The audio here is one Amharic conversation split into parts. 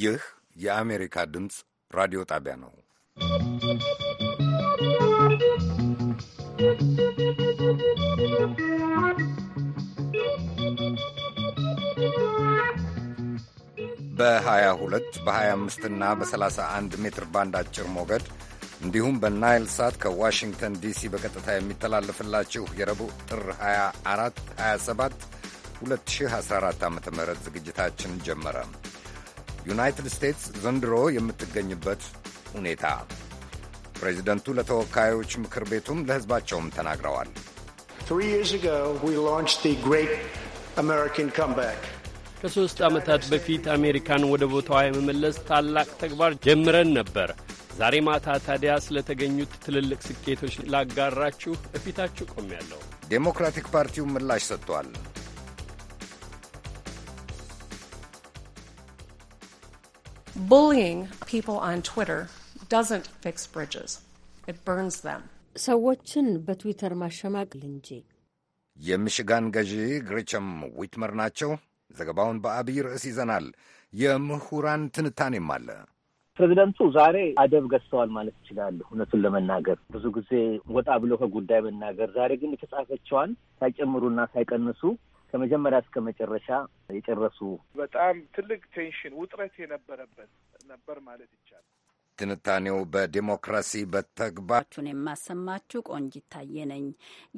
ይህ የአሜሪካ ድምፅ ራዲዮ ጣቢያ ነው። በ22 በ25 እና በ31 ሜትር ባንድ አጭር ሞገድ እንዲሁም በናይል ሳት ከዋሽንግተን ዲሲ በቀጥታ የሚተላለፍላችሁ የረቡዕ ጥር 24 27 2014 ዓ ም ዝግጅታችን ጀመረ። ዩናይትድ ስቴትስ ዘንድሮ የምትገኝበት ሁኔታ ፕሬዚደንቱ ለተወካዮች ምክር ቤቱም ለሕዝባቸውም ተናግረዋል። ከሦስት ዓመታት በፊት አሜሪካን ወደ ቦታዋ የመመለስ ታላቅ ተግባር ጀምረን ነበር። ዛሬ ማታ ታዲያ ስለተገኙት ትልልቅ ስኬቶች ላጋራችሁ እፊታችሁ ቆሜያለሁ። ዴሞክራቲክ ፓርቲው ምላሽ ሰጥቷል። bullying people on Twitter doesn't fix bridges. It burns them. ሰዎችን በትዊተር ማሸማቅል እንጂ። የሚሽጋን ገዢ ግሬቸም ዊትመር ናቸው። ዘገባውን በአብይ ርዕስ ይዘናል። የምሁራን ትንታኔም አለ። ፕሬዚደንቱ ዛሬ አደብ ገዝተዋል ማለት ይችላሉ። እውነቱን ለመናገር ብዙ ጊዜ ወጣ ብሎ ከጉዳይ መናገር፣ ዛሬ ግን የተጻፈችዋን ሳይጨምሩና ሳይቀንሱ ከመጀመሪያ እስከ መጨረሻ የጨረሱ በጣም ትልቅ ቴንሽን ውጥረት የነበረበት ነበር ማለት ይቻላል። ትንታኔው በዲሞክራሲ በተግባራችሁን የማሰማችሁ ቆንጅ ይታየ ነኝ።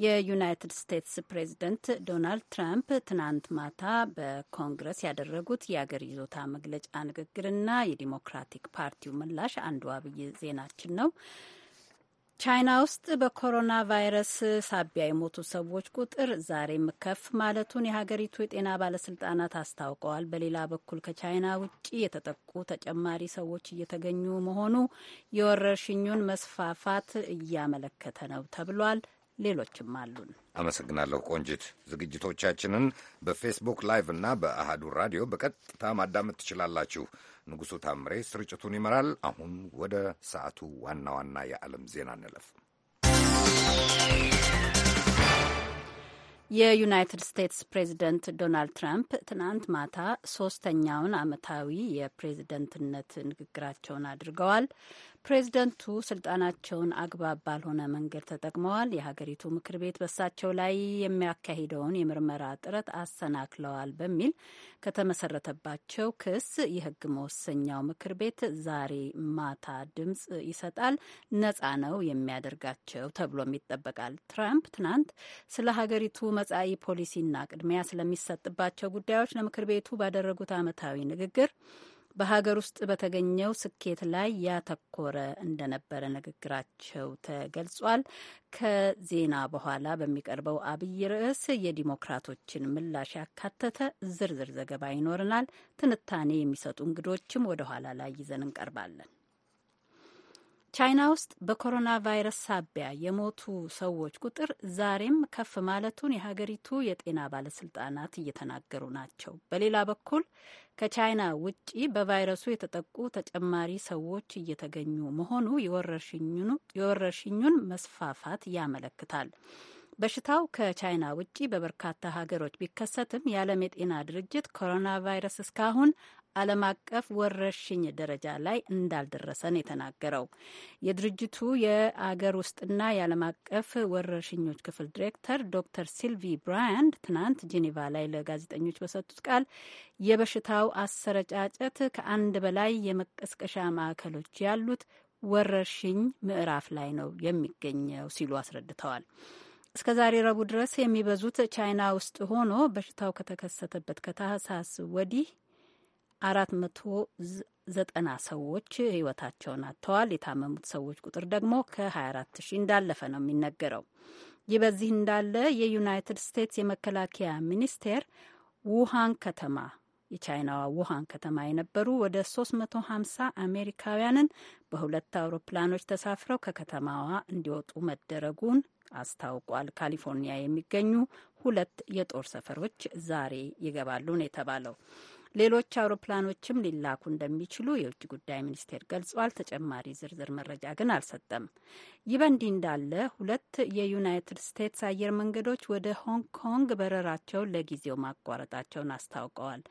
የዩናይትድ ስቴትስ ፕሬዝደንት ዶናልድ ትራምፕ ትናንት ማታ በኮንግረስ ያደረጉት የአገር ይዞታ መግለጫ ንግግርና የዲሞክራቲክ ፓርቲው ምላሽ አንዱ አብይ ዜናችን ነው። ቻይና ውስጥ በኮሮና ቫይረስ ሳቢያ የሞቱ ሰዎች ቁጥር ዛሬም ከፍ ማለቱን የሀገሪቱ የጤና ባለስልጣናት አስታውቀዋል። በሌላ በኩል ከቻይና ውጭ የተጠቁ ተጨማሪ ሰዎች እየተገኙ መሆኑ የወረርሽኙን መስፋፋት እያመለከተ ነው ተብሏል። ሌሎችም አሉን። አመሰግናለሁ ቆንጅት ዝግጅቶቻችንን በፌስቡክ ላይቭ እና በአሃዱ ራዲዮ በቀጥታ ማዳመጥ ትችላላችሁ። ንጉሡ ታምሬ ስርጭቱን ይመራል። አሁን ወደ ሰዓቱ ዋና ዋና የዓለም ዜና እንለፍ። የዩናይትድ ስቴትስ ፕሬዚደንት ዶናልድ ትራምፕ ትናንት ማታ ሶስተኛውን ዓመታዊ የፕሬዝደንትነት ንግግራቸውን አድርገዋል። ፕሬዝደንቱ ስልጣናቸውን አግባብ ባልሆነ መንገድ ተጠቅመዋል፣ የሀገሪቱ ምክር ቤት በሳቸው ላይ የሚያካሂደውን የምርመራ ጥረት አሰናክለዋል በሚል ከተመሰረተባቸው ክስ የህግ መወሰኛው ምክር ቤት ዛሬ ማታ ድምጽ ይሰጣል፣ ነፃ ነው የሚያደርጋቸው ተብሎም ይጠበቃል። ትራምፕ ትናንት ስለ ሀገሪቱ መጻኢ ፖሊሲና ቅድሚያ ስለሚሰጥባቸው ጉዳዮች ለምክር ቤቱ ባደረጉት ዓመታዊ ንግግር በሀገር ውስጥ በተገኘው ስኬት ላይ ያተኮረ እንደነበረ ንግግራቸው ተገልጿል። ከዜና በኋላ በሚቀርበው አብይ ርዕስ የዲሞክራቶችን ምላሽ ያካተተ ዝርዝር ዘገባ ይኖረናል። ትንታኔ የሚሰጡ እንግዶችም ወደ ኋላ ላይ ይዘን እንቀርባለን። ቻይና ውስጥ በኮሮና ቫይረስ ሳቢያ የሞቱ ሰዎች ቁጥር ዛሬም ከፍ ማለቱን የሀገሪቱ የጤና ባለስልጣናት እየተናገሩ ናቸው። በሌላ በኩል ከቻይና ውጪ በቫይረሱ የተጠቁ ተጨማሪ ሰዎች እየተገኙ መሆኑ የወረርሽኙን መስፋፋት ያመለክታል። በሽታው ከቻይና ውጪ በበርካታ ሀገሮች ቢከሰትም የዓለም የጤና ድርጅት ኮሮና ቫይረስ እስካሁን ዓለም አቀፍ ወረርሽኝ ደረጃ ላይ እንዳልደረሰን የተናገረው። የድርጅቱ የአገር ውስጥና የዓለም አቀፍ ወረርሽኞች ክፍል ዲሬክተር ዶክተር ሲልቪ ብራያንድ ትናንት ጄኔቫ ላይ ለጋዜጠኞች በሰጡት ቃል የበሽታው አሰረጫጨት ከአንድ በላይ የመቀስቀሻ ማዕከሎች ያሉት ወረርሽኝ ምዕራፍ ላይ ነው የሚገኘው ሲሉ አስረድተዋል። እስከ ዛሬ ረቡዕ ድረስ የሚበዙት ቻይና ውስጥ ሆኖ በሽታው ከተከሰተበት ከታህሳስ ወዲህ አራት መቶ ዘጠና ሰዎች ህይወታቸውን አጥተዋል። የታመሙት ሰዎች ቁጥር ደግሞ ከ24 ሺህ እንዳለፈ ነው የሚነገረው። ይህ በዚህ እንዳለ የዩናይትድ ስቴትስ የመከላከያ ሚኒስቴር ውሃን ከተማ የቻይናዋ ውሃን ከተማ የነበሩ ወደ 350 አሜሪካውያንን በሁለት አውሮፕላኖች ተሳፍረው ከከተማዋ እንዲወጡ መደረጉን አስታውቋል። ካሊፎርኒያ የሚገኙ ሁለት የጦር ሰፈሮች ዛሬ ይገባሉ ነው የተባለው። ሌሎች አውሮፕላኖችም ሊላኩ እንደሚችሉ የውጭ ጉዳይ ሚኒስቴር ገልጿል። ተጨማሪ ዝርዝር መረጃ ግን አልሰጠም። ይህ በእንዲህ እንዳለ ሁለት የዩናይትድ ስቴትስ አየር መንገዶች ወደ ሆንግ ኮንግ በረራቸውን ለጊዜው ማቋረጣቸውን አስታውቀዋል።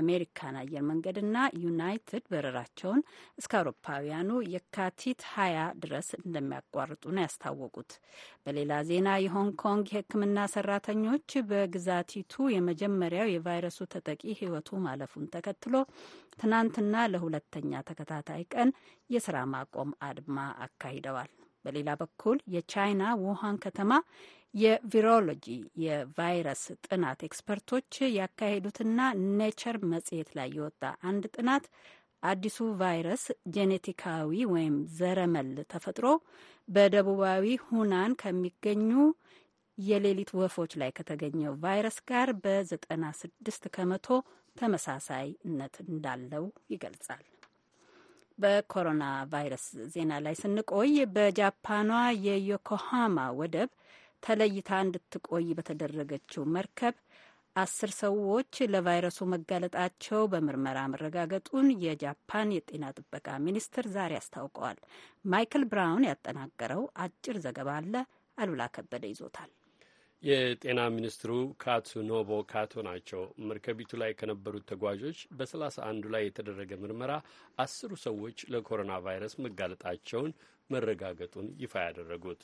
አሜሪካን አየር መንገድና ዩናይትድ በረራቸውን እስከ አውሮፓውያኑ የካቲት ሀያ ድረስ እንደሚያቋርጡ ነው ያስታወቁት። በሌላ ዜና የሆንግ ኮንግ የሕክምና ሰራተኞች በግዛቲቱ የመጀመሪያው የቫይረሱ ተጠቂ ህይወቱ ማለ ማለፉን ተከትሎ ትናንትና ለሁለተኛ ተከታታይ ቀን የስራ ማቆም አድማ አካሂደዋል። በሌላ በኩል የቻይና ውሃን ከተማ የቪሮሎጂ የቫይረስ ጥናት ኤክስፐርቶች ያካሄዱትና ኔቸር መጽሔት ላይ የወጣ አንድ ጥናት አዲሱ ቫይረስ ጄኔቲካዊ ወይም ዘረመል ተፈጥሮ በደቡባዊ ሁናን ከሚገኙ የሌሊት ወፎች ላይ ከተገኘው ቫይረስ ጋር በ96 ከመቶ ተመሳሳይነት እንዳለው ይገልጻል። በኮሮና ቫይረስ ዜና ላይ ስንቆይ በጃፓኗ የዮኮሃማ ወደብ ተለይታ እንድትቆይ በተደረገችው መርከብ አስር ሰዎች ለቫይረሱ መጋለጣቸው በምርመራ መረጋገጡን የጃፓን የጤና ጥበቃ ሚኒስትር ዛሬ አስታውቀዋል። ማይክል ብራውን ያጠናቀረው አጭር ዘገባ አለ። አሉላ ከበደ ይዞታል። የጤና ሚኒስትሩ ካትሱኖቦ ካቶ ናቸው። መርከቢቱ ላይ ከነበሩት ተጓዦች በሰላሳ አንዱ ላይ የተደረገ ምርመራ አስሩ ሰዎች ለኮሮና ቫይረስ መጋለጣቸውን መረጋገጡን ይፋ ያደረጉት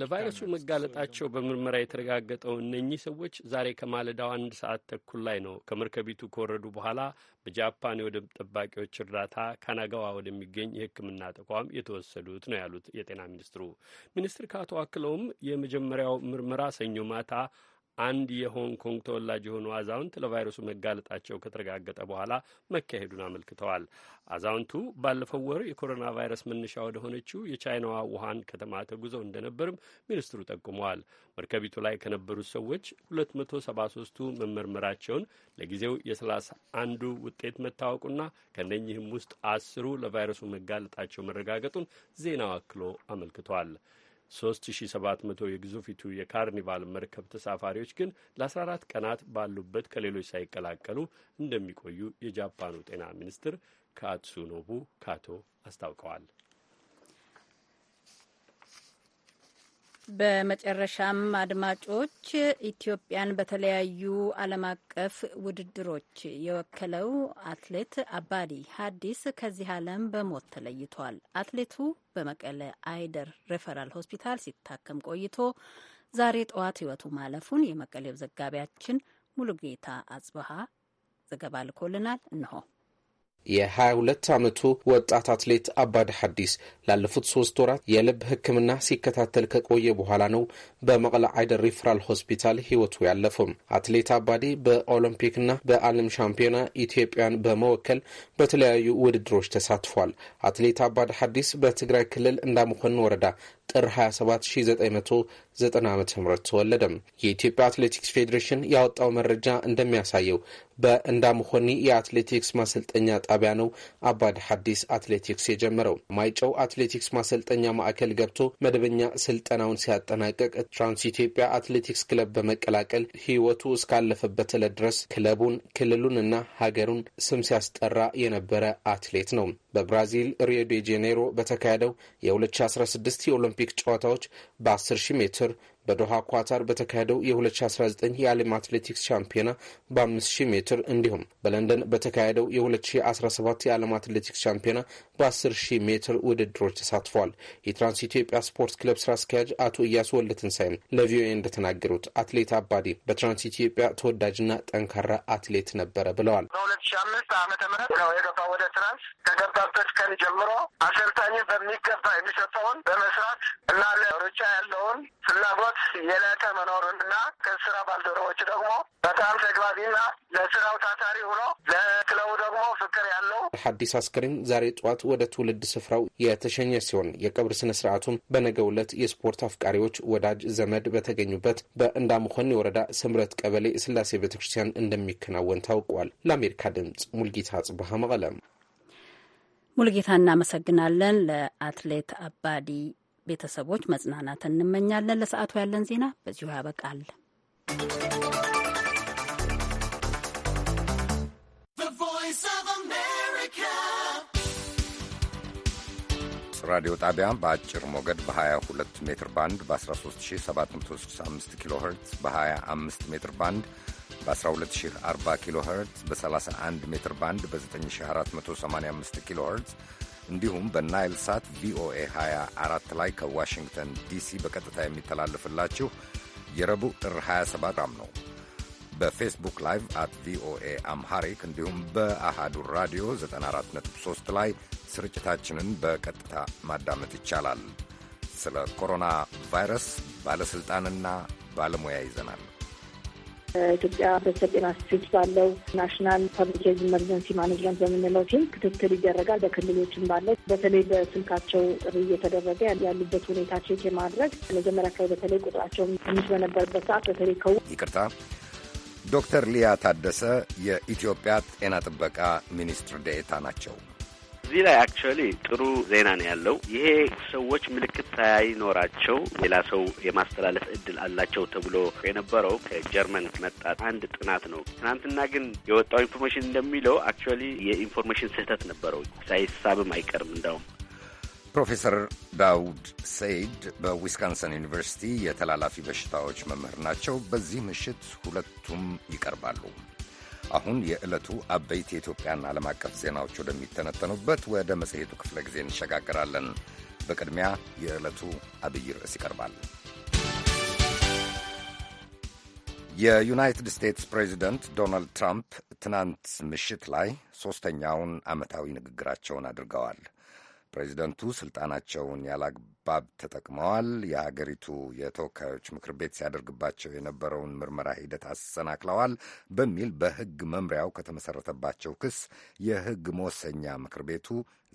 ለቫይረሱ መጋለጣቸው በምርመራ የተረጋገጠው እነኚህ ሰዎች ዛሬ ከማለዳው አንድ ሰዓት ተኩል ላይ ነው ከመርከቢቱ ከወረዱ በኋላ በጃፓን የወደብ ጠባቂዎች እርዳታ ካናጋዋ ወደሚገኝ የሕክምና ተቋም የተወሰዱት ነው ያሉት የጤና ሚኒስትሩ። ሚኒስትር ካቶ አክለውም የመጀመሪያው ምርመራ ሰኞ ማታ አንድ የሆንግ ኮንግ ተወላጅ የሆኑ አዛውንት ለቫይረሱ መጋለጣቸው ከተረጋገጠ በኋላ መካሄዱን አመልክተዋል። አዛውንቱ ባለፈው ወር የኮሮና ቫይረስ መነሻ ወደ ሆነችው የቻይናዋ ውሃን ከተማ ተጉዘው እንደነበርም ሚኒስትሩ ጠቁመዋል። መርከቢቱ ላይ ከነበሩት ሰዎች 273ቱ መመርመራቸውን ለጊዜው የሰላሳ አንዱ ውጤት መታወቁና ከነኚህም ውስጥ አስሩ ለቫይረሱ መጋለጣቸው መረጋገጡን ዜናው አክሎ አመልክቷል። 3700 የግዙፊቱ የካርኒቫል መርከብ ተሳፋሪዎች ግን ለ14 ቀናት ባሉበት ከሌሎች ሳይቀላቀሉ እንደሚቆዩ የጃፓኑ ጤና ሚኒስትር ካትሱኖቡ ካቶ አስታውቀዋል። በመጨረሻም አድማጮች ኢትዮጵያን በተለያዩ ዓለም አቀፍ ውድድሮች የወከለው አትሌት አባዲ ሀዲስ ከዚህ ዓለም በሞት ተለይቷል። አትሌቱ በመቀለ አይደር ሬፈራል ሆስፒታል ሲታከም ቆይቶ ዛሬ ጠዋት ሕይወቱ ማለፉን የመቀሌው ዘጋቢያችን ሙሉጌታ አጽበሃ ዘገባ ልኮልናል። እንሆ የ22 ዓመቱ ወጣት አትሌት አባድ ሐዲስ ላለፉት ሶስት ወራት የልብ ሕክምና ሲከታተል ከቆየ በኋላ ነው በመቀለ አይደር ሪፍራል ሆስፒታል ህይወቱ ያለፈው። አትሌት አባዴ በኦሎምፒክና በዓለም ሻምፒዮና ኢትዮጵያን በመወከል በተለያዩ ውድድሮች ተሳትፏል። አትሌት አባድ ሐዲስ በትግራይ ክልል እንዳመኮንን ወረዳ ጥር 27 1990 ዓ ም ተወለደም። የኢትዮጵያ አትሌቲክስ ፌዴሬሽን ያወጣው መረጃ እንደሚያሳየው በእንዳመሆኒ የአትሌቲክስ ማሰልጠኛ ጣቢያ ነው አባድ ሐዲስ አትሌቲክስ የጀመረው። ማይጨው አትሌቲክስ ማሰልጠኛ ማዕከል ገብቶ መደበኛ ስልጠናውን ሲያጠናቅቅ ትራንስ ኢትዮጵያ አትሌቲክስ ክለብ በመቀላቀል ሕይወቱ እስካለፈበት ዕለት ድረስ ክለቡን፣ ክልሉን እና ሀገሩን ስም ሲያስጠራ የነበረ አትሌት ነው። በብራዚል ሪዮ ዴ ጄኔሮ በተካሄደው የ2016 የኦሎምፒክ ጨዋታዎች በ10 ሺህ ሜትር በዶሃ ኳታር በተካሄደው የ2019 የዓለም አትሌቲክስ ሻምፒዮና በ5000 ሜትር እንዲሁም በለንደን በተካሄደው የ2017 የዓለም አትሌቲክስ ሻምፒዮና በ10000 ሜትር ውድድሮች ተሳትፏል። የትራንስ ኢትዮጵያ ስፖርት ክለብ ስራ አስኪያጅ አቶ እያሱ ወልደትንሳኤም ለቪኦኤ እንደተናገሩት አትሌት አባዲ በትራንስ ኢትዮጵያ ተወዳጅና ጠንካራ አትሌት ነበረ ብለዋል። በ2005 ዓመተ ምህረት ነው ወደ ትራንስ። ከገባበት ቀን ጀምሮ አሰልጣኝ በሚገባ የሚሰጠውን በመስራት እና ለሩጫ ያለውን ፍላጎት የለተ የላቀ ከስራ ባልደረቦች ደግሞ በጣም ተግባቢና ለስራው ታታሪ ሆኖ ለክለቡ ደግሞ ፍቅር ያለው ሐዲስ አስክሬን ዛሬ ጠዋት ወደ ትውልድ ስፍራው የተሸኘ ሲሆን የቀብር ስነ ስርዓቱም በነገ ዕለት የስፖርት አፍቃሪዎች ወዳጅ ዘመድ በተገኙበት በእንዳመሆን የወረዳ ስምረት ቀበሌ ስላሴ ቤተ ክርስቲያን እንደሚከናወን ታውቋል። ለአሜሪካ ድምጽ ሙልጌታ ጽብሃ መቀለም ሙልጌታ እናመሰግናለን። ለአትሌት አባዲ ቤተሰቦች መጽናናት እንመኛለን። ለሰዓቱ ያለን ዜና በዚሁ ያበቃል። ራዲዮ ጣቢያ በአጭር ሞገድ በ22 ሜትር ባንድ በ13765 ኪሎ ኸርትዝ በ25 ሜትር ባንድ በ1240 ኪሎ ኸርትዝ በ31 ሜትር ባንድ በ9485 ኪሎ ኸርትዝ እንዲሁም በናይል ሳት ቪኦኤ 24 ላይ ከዋሽንግተን ዲሲ በቀጥታ የሚተላለፍላችሁ የረቡዕ ጥር 27 ራም ነው። በፌስቡክ ላይቭ አት ቪኦኤ አምሃሪክ እንዲሁም በአሃዱ ራዲዮ 94.3 ላይ ስርጭታችንን በቀጥታ ማዳመጥ ይቻላል። ስለ ኮሮና ቫይረስ ባለሥልጣንና ባለሙያ ይዘናል። ኢትዮጵያ ህብረተሰብ ጤና ኢንስቲትዩት ባለው ናሽናል ፐብሊክ ሄልዝ ኢመርጀንሲ ማኔጅመንት በምንለው ቲም ክትትል ይደረጋል። በክልሎችም ባለው በተለይ በስልካቸው ጥሪ እየተደረገ ያሉበት ሁኔታ ቼክ የማድረግ መጀመሪያ ከላይ በተለይ ቁጥራቸው ትንሽ በነበረበት ሰዓት በተለይ ከው ይቅርታ ዶክተር ሊያ ታደሰ የኢትዮጵያ ጤና ጥበቃ ሚኒስትር ዴኤታ ናቸው። እዚህ ላይ አክቹዋሊ ጥሩ ዜና ነው ያለው። ይሄ ሰዎች ምልክት ሳይኖራቸው ሌላ ሰው የማስተላለፍ እድል አላቸው ተብሎ የነበረው ከጀርመን መጣ አንድ ጥናት ነው። ትናንትና ግን የወጣው ኢንፎርሜሽን እንደሚለው አክቹዋሊ የኢንፎርሜሽን ስህተት ነበረው፣ ሳይሳብም አይቀርም እንዳውም ፕሮፌሰር ዳውድ ሰይድ በዊስካንሰን ዩኒቨርሲቲ የተላላፊ በሽታዎች መምህር ናቸው። በዚህ ምሽት ሁለቱም ይቀርባሉ። አሁን የዕለቱ አበይት የኢትዮጵያና ዓለም አቀፍ ዜናዎች ወደሚተነተኑበት ወደ መጽሔቱ ክፍለ ጊዜ እንሸጋግራለን። በቅድሚያ የዕለቱ አብይ ርዕስ ይቀርባል። የዩናይትድ ስቴትስ ፕሬዚደንት ዶናልድ ትራምፕ ትናንት ምሽት ላይ ሦስተኛውን ዓመታዊ ንግግራቸውን አድርገዋል። ፕሬዚደንቱ ስልጣናቸውን ያላግባብ ተጠቅመዋል፣ የሀገሪቱ የተወካዮች ምክር ቤት ሲያደርግባቸው የነበረውን ምርመራ ሂደት አሰናክለዋል በሚል በሕግ መምሪያው ከተመሠረተባቸው ክስ የሕግ መወሰኛ ምክር ቤቱ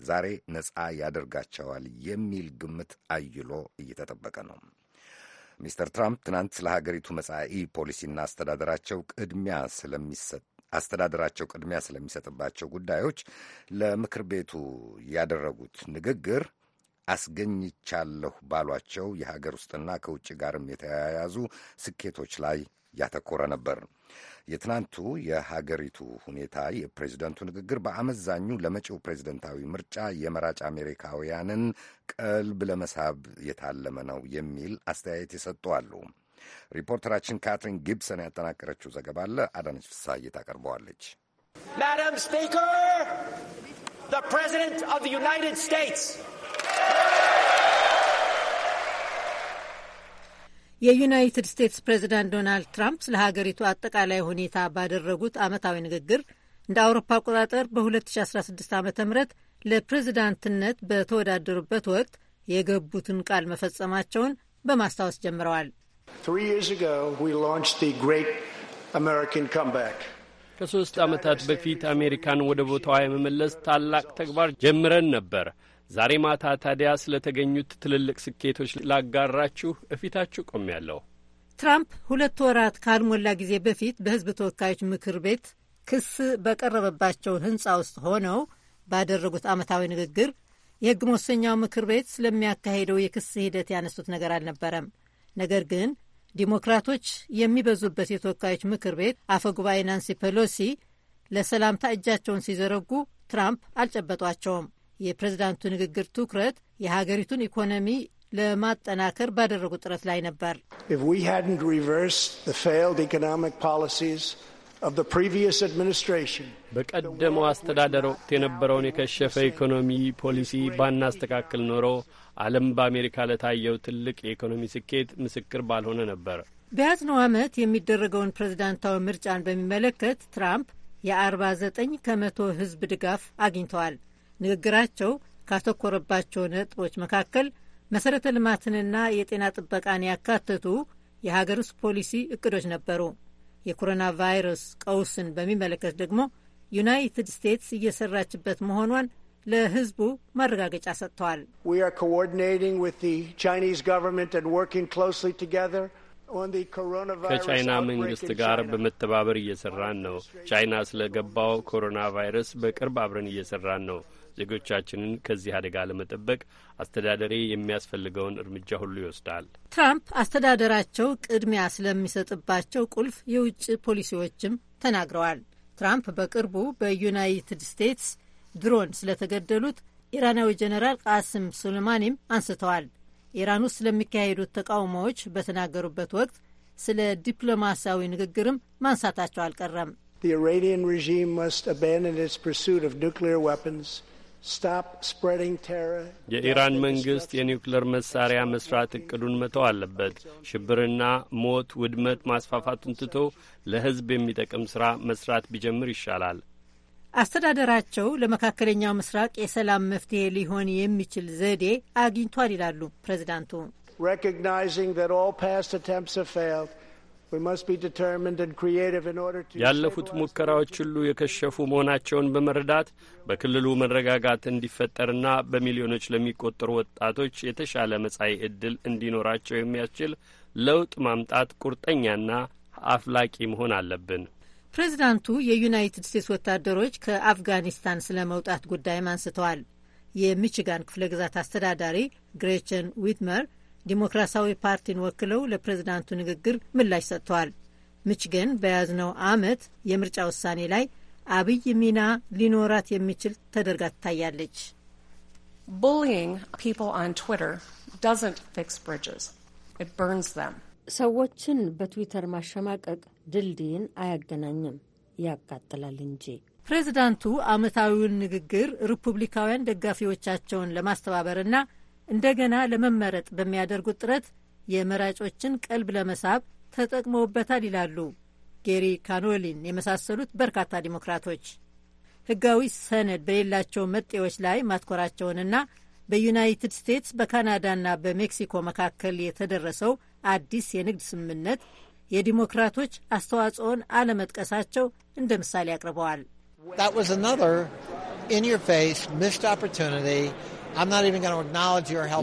ዛሬ ነፃ ያደርጋቸዋል የሚል ግምት አይሎ እየተጠበቀ ነው። ሚስተር ትራምፕ ትናንት ስለ ሀገሪቱ መጻኢ ፖሊሲና አስተዳደራቸው ቅድሚያ ስለሚሰጥ አስተዳደራቸው ቅድሚያ ስለሚሰጥባቸው ጉዳዮች ለምክር ቤቱ ያደረጉት ንግግር አስገኝቻለሁ ባሏቸው የሀገር ውስጥና ከውጭ ጋርም የተያያዙ ስኬቶች ላይ ያተኮረ ነበር። የትናንቱ የሀገሪቱ ሁኔታ የፕሬዚደንቱ ንግግር በአመዛኙ ለመጪው ፕሬዝደንታዊ ምርጫ የመራጭ አሜሪካውያንን ቀልብ ለመሳብ የታለመ ነው የሚል አስተያየት የሰጡ አሉ። ሪፖርተራችን ካትሪን ጊብሰን ያጠናቀረችው ዘገባ አለ። አዳነች ፍሳይ ታቀርበዋለች። የዩናይትድ ስቴትስ ፕሬዚዳንት ዶናልድ ትራምፕ ስለ ሀገሪቱ አጠቃላይ ሁኔታ ባደረጉት ዓመታዊ ንግግር እንደ አውሮፓ አቆጣጠር በ2016 ዓ ም ለፕሬዚዳንትነት በተወዳደሩበት ወቅት የገቡትን ቃል መፈጸማቸውን በማስታወስ ጀምረዋል። ከሦስት ዓመታት በፊት አሜሪካን ወደ ቦታዋ የመመለስ ታላቅ ተግባር ጀምረን ነበር። ዛሬ ማታ ታዲያ ስለተገኙት ትልልቅ ስኬቶች ላጋራችሁ እፊታችሁ ቆሜያለሁ። ትራምፕ ሁለት ወራት ካልሞላ ጊዜ በፊት በሕዝብ ተወካዮች ምክር ቤት ክስ በቀረበባቸው ሕንፃ ውስጥ ሆነው ባደረጉት ዓመታዊ ንግግር የሕግ መወሰኛው ምክር ቤት ስለሚያካሄደው የክስ ሂደት ያነሱት ነገር አልነበረም። ነገር ግን ዲሞክራቶች የሚበዙበት የተወካዮች ምክር ቤት አፈ ጉባኤ ናንሲ ፔሎሲ ለሰላምታ እጃቸውን ሲዘረጉ ትራምፕ አልጨበጧቸውም። የፕሬዝዳንቱ ንግግር ትኩረት የሀገሪቱን ኢኮኖሚ ለማጠናከር ባደረጉት ጥረት ላይ ነበር። በቀደመው አስተዳደር ወቅት የነበረውን የከሸፈ ኢኮኖሚ ፖሊሲ ባናስተካክል ኖሮ ዓለም በአሜሪካ ለታየው ትልቅ የኢኮኖሚ ስኬት ምስክር ባልሆነ ነበር። በያዝነው ዓመት የሚደረገውን ፕሬዝዳንታዊ ምርጫን በሚመለከት ትራምፕ የ49 ከመቶ ህዝብ ድጋፍ አግኝተዋል። ንግግራቸው ካተኮረባቸው ነጥቦች መካከል መሠረተ ልማትንና የጤና ጥበቃን ያካተቱ የሀገር ውስጥ ፖሊሲ እቅዶች ነበሩ። የኮሮና ቫይረስ ቀውስን በሚመለከት ደግሞ ዩናይትድ ስቴትስ እየሰራችበት መሆኗን ለህዝቡ ማረጋገጫ ሰጥተዋል። ከቻይና መንግስት ጋር በመተባበር እየሰራን ነው። ቻይና ስለገባው ኮሮና ቫይረስ በቅርብ አብረን እየሰራን ነው። ዜጎቻችንን ከዚህ አደጋ ለመጠበቅ አስተዳደሬ የሚያስፈልገውን እርምጃ ሁሉ ይወስዳል። ትራምፕ አስተዳደራቸው ቅድሚያ ስለሚሰጥባቸው ቁልፍ የውጭ ፖሊሲዎችም ተናግረዋል። ትራምፕ በቅርቡ በዩናይትድ ስቴትስ ድሮን ስለተገደሉት ኢራናዊ ጀነራል ቃስም ሱሌማኒም አንስተዋል። ኢራን ውስጥ ስለሚካሄዱት ተቃውሞዎች በተናገሩበት ወቅት ስለ ዲፕሎማሲያዊ ንግግርም ማንሳታቸው አልቀረም። የኢራን መንግስት የኒውክሌር መሳሪያ መስራት እቅዱን መተው አለበት። ሽብርና ሞት፣ ውድመት ማስፋፋቱን ትቶ ለህዝብ የሚጠቅም ስራ መስራት ቢጀምር ይሻላል። አስተዳደራቸው ለመካከለኛው ምስራቅ የሰላም መፍትሄ ሊሆን የሚችል ዘዴ አግኝቷል ይላሉ ፕሬዚዳንቱ። ያለፉት ሙከራዎች ሁሉ የከሸፉ መሆናቸውን በመረዳት በክልሉ መረጋጋት እንዲፈጠርና በሚሊዮኖች ለሚቆጠሩ ወጣቶች የተሻለ መጻኢ ዕድል እንዲኖራቸው የሚያስችል ለውጥ ማምጣት ቁርጠኛና አፍላቂ መሆን አለብን። ፕሬዚዳንቱ የዩናይትድ ስቴትስ ወታደሮች ከአፍጋኒስታን ስለ መውጣት ጉዳይም አንስተዋል። የሚችጋን ክፍለ ግዛት አስተዳዳሪ ግሬቸን ዊትመር ዲሞክራሲያዊ ፓርቲን ወክለው ለፕሬዚዳንቱ ንግግር ምላሽ ሰጥተዋል። ሚችገን በያዝነው ዓመት የምርጫ ውሳኔ ላይ አብይ ሚና ሊኖራት የሚችል ተደርጋ ትታያለች። ሰዎችን በትዊተር ማሸማቀቅ ድልድይን አያገናኝም፣ ያቃጥላል እንጂ። ፕሬዚዳንቱ ዓመታዊውን ንግግር ሪፑብሊካውያን ደጋፊዎቻቸውን ለማስተባበርና እንደገና ለመመረጥ በሚያደርጉት ጥረት የመራጮችን ቀልብ ለመሳብ ተጠቅመውበታል ይላሉ ጌሪ ካኖሊን የመሳሰሉት በርካታ ዲሞክራቶች። ሕጋዊ ሰነድ በሌላቸው መጤዎች ላይ ማትኮራቸውንና በዩናይትድ ስቴትስ በካናዳና በሜክሲኮ መካከል የተደረሰው አዲስ የንግድ ስምምነት የዲሞክራቶች አስተዋጽኦን አለመጥቀሳቸው እንደ ምሳሌ አቅርበዋል።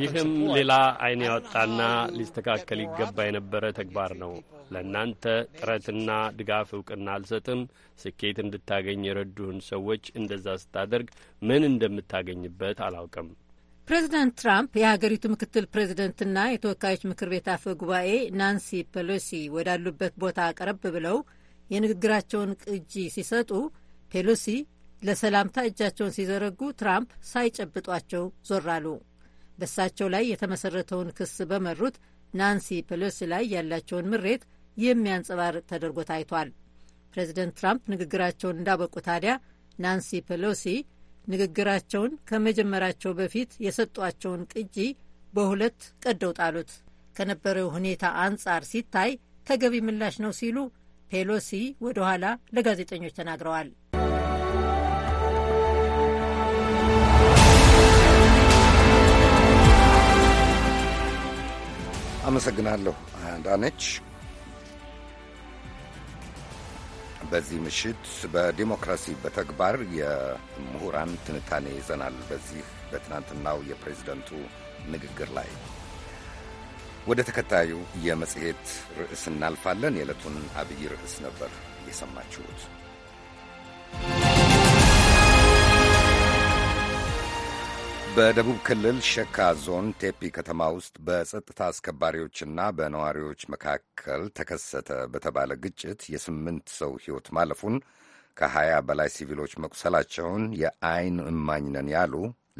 ይህም ሌላ አይን ያወጣና ሊስተካከል ይገባ የነበረ ተግባር ነው። ለእናንተ ጥረትና ድጋፍ እውቅና አልሰጥም። ስኬት እንድታገኝ የረዱህን ሰዎች እንደዛ ስታደርግ ምን እንደምታገኝበት አላውቅም። ፕሬዚዳንት ትራምፕ የሀገሪቱ ምክትል ፕሬዚደንትና የተወካዮች ምክር ቤት አፈ ጉባኤ ናንሲ ፔሎሲ ወዳሉበት ቦታ ቀረብ ብለው የንግግራቸውን ቅጂ ሲሰጡ ፔሎሲ ለሰላምታ እጃቸውን ሲዘረጉ ትራምፕ ሳይጨብጧቸው ዞር አሉ። በእሳቸው ላይ የተመሰረተውን ክስ በመሩት ናንሲ ፔሎሲ ላይ ያላቸውን ምሬት የሚያንጸባርቅ ተደርጎ ታይቷል። ፕሬዚደንት ትራምፕ ንግግራቸውን እንዳበቁ ታዲያ ናንሲ ፔሎሲ ንግግራቸውን ከመጀመራቸው በፊት የሰጧቸውን ቅጂ በሁለት ቀደው ጣሉት። ከነበረው ሁኔታ አንጻር ሲታይ ተገቢ ምላሽ ነው ሲሉ ፔሎሲ ወደ ኋላ ለጋዜጠኞች ተናግረዋል። አመሰግናለሁ ዳነች። በዚህ ምሽት በዲሞክራሲ በተግባር የምሁራን ትንታኔ ይዘናል። በዚህ በትናንትናው የፕሬዝደንቱ ንግግር ላይ ወደ ተከታዩ የመጽሔት ርዕስ እናልፋለን። የዕለቱን አብይ ርዕስ ነበር የሰማችሁት። በደቡብ ክልል ሸካ ዞን ቴፒ ከተማ ውስጥ በጸጥታ አስከባሪዎችና በነዋሪዎች መካከል ተከሰተ በተባለ ግጭት የስምንት ሰው ሕይወት ማለፉን ከሀያ በላይ ሲቪሎች መቁሰላቸውን የአይን እማኝ ነን ያሉ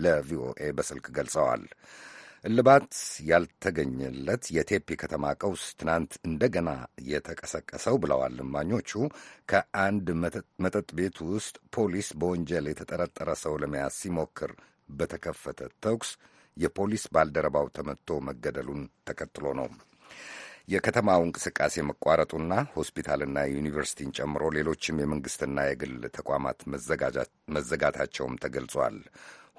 ለቪኦኤ በስልክ ገልጸዋል። እልባት ያልተገኘለት የቴፒ ከተማ ቀውስ ትናንት እንደገና የተቀሰቀሰው ብለዋል እማኞቹ፣ ከአንድ መጠጥ ቤት ውስጥ ፖሊስ በወንጀል የተጠረጠረ ሰው ለመያዝ ሲሞክር በተከፈተ ተኩስ የፖሊስ ባልደረባው ተመትቶ መገደሉን ተከትሎ ነው። የከተማው እንቅስቃሴ መቋረጡና ሆስፒታልና ዩኒቨርሲቲን ጨምሮ ሌሎችም የመንግሥትና የግል ተቋማት መዘጋታቸውም ተገልጿል።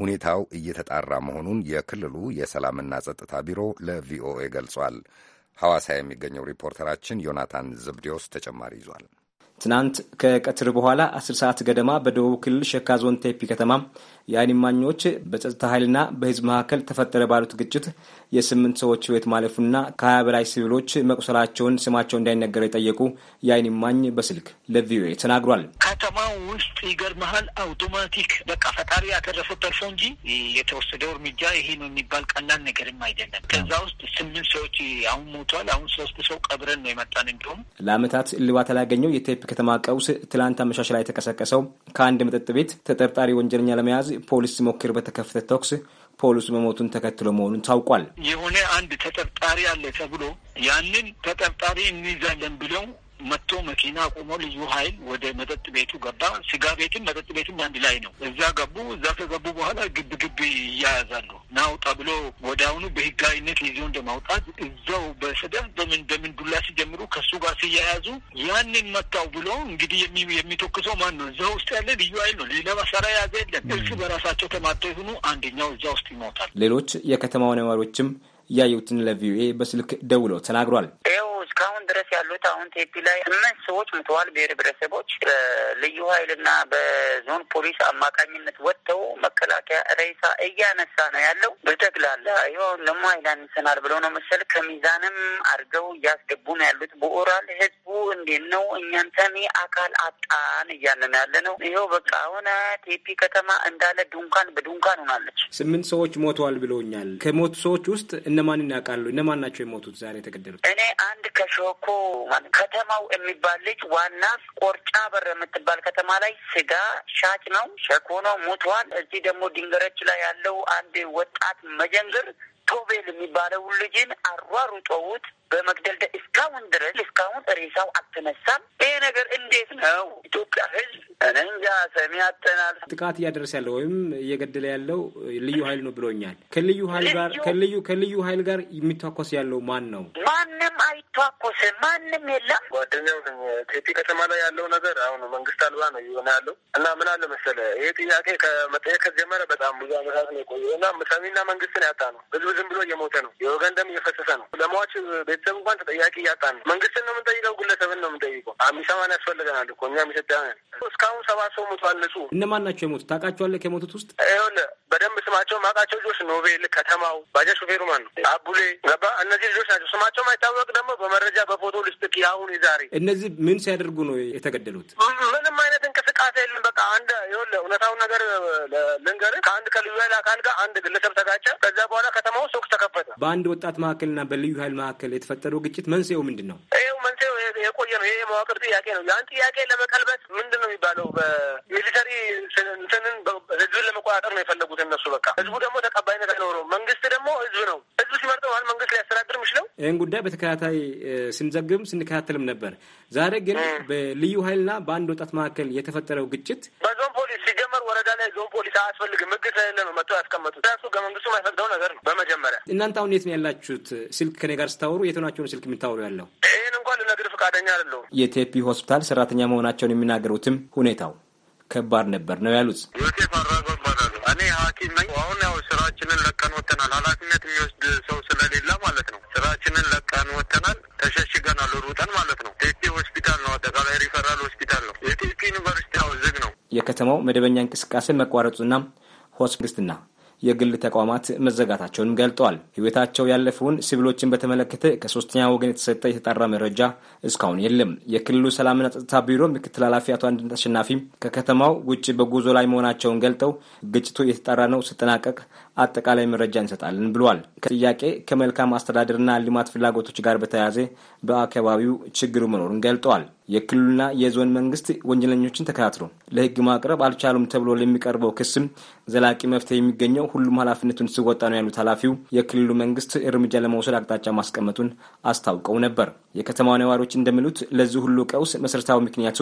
ሁኔታው እየተጣራ መሆኑን የክልሉ የሰላምና ጸጥታ ቢሮ ለቪኦኤ ገልጿል። ሐዋሳ የሚገኘው ሪፖርተራችን ዮናታን ዘብዴዎስ ተጨማሪ ይዟል። ትናንት ከቀትር በኋላ አስር ሰዓት ገደማ በደቡብ ክልል ሸካ ዞን ቴፒ ከተማ የአይንማኞች በጸጥታ ኃይልና በህዝብ መካከል ተፈጠረ ባሉት ግጭት የስምንት ሰዎች ህይወት ማለፉና ከሀያ በላይ ሲቪሎች መቁሰላቸውን ስማቸው እንዳይነገር የጠየቁ የአይን ማኝ በስልክ ለቪኦኤ ተናግሯል። ከተማው ውስጥ ይገርመሃል፣ አውቶማቲክ በቃ ፈጣሪ ያተረፈ ተርፎ እንጂ የተወሰደው እርምጃ ይሄ ነው የሚባል ቀላል ነገርም አይደለም። ከዛ ውስጥ ስምንት ሰዎች አሁን ሞቷል። አሁን ሶስት ሰው ቀብረን ነው የመጣን። እንዲሁም ለአመታት እልባት ያላገኘው የቴፕ ከተማ ቀውስ ትላንት አመሻሽ ላይ የተቀሰቀሰው ከአንድ መጠጥ ቤት ተጠርጣሪ ወንጀለኛ ለመያዝ ፖሊስ ሞክር በተከፈተ ተኩስ ፖሊስ መሞቱን ተከትሎ መሆኑን ታውቋል። የሆነ አንድ ተጠርጣሪ አለ ተብሎ ያንን ተጠርጣሪ እንይዛለን ብለው መጥቶ መኪና ቆሞ ልዩ ኃይል ወደ መጠጥ ቤቱ ገባ። ስጋ ቤትም መጠጥ ቤትም አንድ ላይ ነው። እዛ ገቡ። እዛ ከገቡ በኋላ ግብ ግብ ይያያዛሉ። ናው ተብሎ አሁኑ በህጋዊነት ይዞ እንደማውጣት እዛው በሰደፍ በምን በምን ዱላ ሲጀምሩ ከሱ ጋር ሲያያዙ ያንን መታው ብሎ እንግዲህ የሚተኩሰው ማን ነው? እዛ ውስጥ ያለ ልዩ ኃይል ነው። ሌላ መሳሪያ የያዘ የለም። እርስ በራሳቸው ተማተው ይሁኑ አንደኛው እዛ ውስጥ ይሞታል። ሌሎች የከተማው ነዋሪዎችም ያዩትን ለቪኦኤ በስልክ ደውለው ተናግሯል። እስካሁን ድረስ ያሉት አሁን ቴፒ ላይ ስምንት ሰዎች ሙተዋል። ብሔር ብሔረሰቦች በልዩ ኃይልና በዞን ፖሊስ አማካኝነት ወጥተው መከላከያ ሬሳ እያነሳ ነው ያለው። በጠቅላላ ይሁን ደግሞ አንሰናል ብለው ነው መሰል ከሚዛንም አድርገው እያስገቡ ነው ያሉት። በኦራል ህዝቡ እንዴት ነው እኛን ሰሚ አካል አጣን እያለ ነው ያለ ነው። ይኸው በቃ አሁን ቴፒ ከተማ እንዳለ ድንኳን በድንኳን ሆናለች። ስምንት ሰዎች ሞተዋል ብለውኛል። ከሞቱ ሰዎች ውስጥ እነማን ያውቃሉ? እነማን ናቸው የሞቱት ዛሬ የተገደሉት? እኔ አንድ ከ ከሾኮ ከተማው የሚባል ልጅ ዋና ቆርጫ በር የምትባል ከተማ ላይ ስጋ ሻጭ ነው። ሸኮ ነው፣ ሙቷል። እዚህ ደግሞ ድንገረች ላይ ያለው አንድ ወጣት መጀንግር ቶቤል የሚባለው ልጅን አሯሩጠውት በመግደል እስካሁን ድረስ እስካሁን ሬሳው አልተነሳም። ይሄ ነገር እንዴት ነው? ኢትዮጵያ ሕዝብ እንጃ ሰሚ ያጠናል። ጥቃት እያደረሰ ያለው ወይም እየገደለ ያለው ልዩ ኃይል ነው ብሎኛል። ከልዩ ኃይል ጋር ከልዩ ከልዩ ኃይል ጋር የሚታኮስ ያለው ማን ነው? ማንም አይታኮስም። ማንም የለም። ጓደኛው ቴፒ ከተማ ላይ ያለው ነገር አሁን መንግስት አልባ ነው የሆነ ያለው እና ምን አለ መሰለ ይሄ ጥያቄ ከመጠየቅ ከጀመረ በጣም ብዙ አመታት ነው የቆየ እና ሰሚና መንግስትን ያጣ ነው ህዝብ ዝም ብሎ እየሞተ ነው። የወገን ደም እየፈሰሰ ነው። ለሟች ቤተሰብ እንኳን ተጠያቂ እያጣ ነው። መንግስትን ነው የምንጠይቀው? ግለሰብን ነው የምንጠይቀው? ሚሰማን ያስፈልገናል እኮ እኛ ሚሰዳን። እስካሁን ሰባት ሰው ሞቷል። ንጹ እነማን ናቸው የሞቱት? ታውቃቸዋለህ? ከሞቱት ውስጥ ይኸውልህ በደንብ ስማቸው ማውቃቸው ልጆች ኖቤል፣ ከተማው፣ ባጃ ሹፌሩ ማን ነው አቡሌ ገባ። እነዚህ ልጆች ናቸው። ስማቸው ማይታወቅ ደግሞ በመረጃ በፎቶ ልስጥቅ። አሁን የዛሬ እነዚህ ምን ሲያደርጉ ነው የተገደሉት? ምንም አይነት እንቅስቃሴ የለም። በቃ አንድ ይኸውልህ እውነታውን ነገር ልንገርህ። ከአንድ ከልዩ ኃይል አካል ጋር አንድ ግለሰብ ተጋጨ። ከዛ በኋላ በአንድ ወጣት መካከልና በልዩ ኃይል መካከል የተፈጠረው ግጭት መንስኤው ምንድን ነው? ይኸው መንስኤው የቆየ ነው። ይሄ የመዋቅር ጥያቄ ነው። ያን ጥያቄ ለመቀልበስ ምንድን ነው የሚባለው በሚሊተሪ እንትንን ህዝብን ለመቆጣጠር ነው የፈለጉት እነሱ። በቃ ህዝቡ ደግሞ ተቀባይነት አይኖረውም። መንግስት ደግሞ ህዝብ ነው ህዝብ ሲመርጠው ዋል መንግስት ሊያስተዳድር የሚችለው ይህን ጉዳይ በተከታታይ ስንዘግብም ስንከታተልም ነበር። ዛሬ ግን በልዩ ኃይልና በአንድ ወጣት መካከል የተፈጠረው ግጭት በዞን ወረዳ ላይ ዞን ፖሊስ አያስፈልግም ህግ ስለሌለ ነው መጥቶ ያስቀመጡት። ራሱ ህገ የማይፈቅደው ነገር ነው። በመጀመሪያ እናንተ አሁን የት ነው ያላችሁት? ስልክ ከኔ ጋር ስታወሩ የትናቸውን ስልክ የምታወሩ ያለው ይህን እንኳን ልነግር ፈቃደኛ አይደለሁም። የቴፒ ሆስፒታል ሰራተኛ መሆናቸውን የሚናገሩትም ሁኔታው ከባድ ነበር ነው ያሉት። እኔ ሐኪም ነኝ። አሁን ያው ስራችንን ለቀን ወተናል። ኃላፊነት የሚወስድ ሰው ስለሌለ ማለት ነው። ስራችንን ለቀን ወተናል ተሸሽገናል፣ ሩጠን ማለት ነው። የከተማው መደበኛ እንቅስቃሴ መቋረጡና ሆስፒታልና የግል ተቋማት መዘጋታቸውንም ገልጠዋል። ህይወታቸው ያለፈውን ሲቪሎችን በተመለከተ ከሶስተኛ ወገን የተሰጠ የተጣራ መረጃ እስካሁን የለም። የክልሉ ሰላምና ጸጥታ ቢሮ ምክትል ኃላፊ አቶ አንድነት አሸናፊ ከከተማው ውጭ በጉዞ ላይ መሆናቸውን ገልጠው ግጭቱ የተጣራ ነው ሲጠናቀቅ አጠቃላይ መረጃ እንሰጣለን ብሏል። ከጥያቄ ከመልካም አስተዳደርና ልማት ፍላጎቶች ጋር በተያያዘ በአካባቢው ችግሩ መኖሩን ገልጠዋል። የክልሉና የዞን መንግስት ወንጀለኞችን ተከታትሎ ለህግ ማቅረብ አልቻሉም ተብሎ ለሚቀርበው ክስም ዘላቂ መፍትሄ የሚገኘው ሁሉም ኃላፊነቱን ሲወጣ ነው ያሉት ኃላፊው የክልሉ መንግስት እርምጃ ለመውሰድ አቅጣጫ ማስቀመጡን አስታውቀው ነበር። የከተማዋ ነዋሪዎች እንደሚሉት ለዚህ ሁሉ ቀውስ መሰረታዊ ምክንያቱ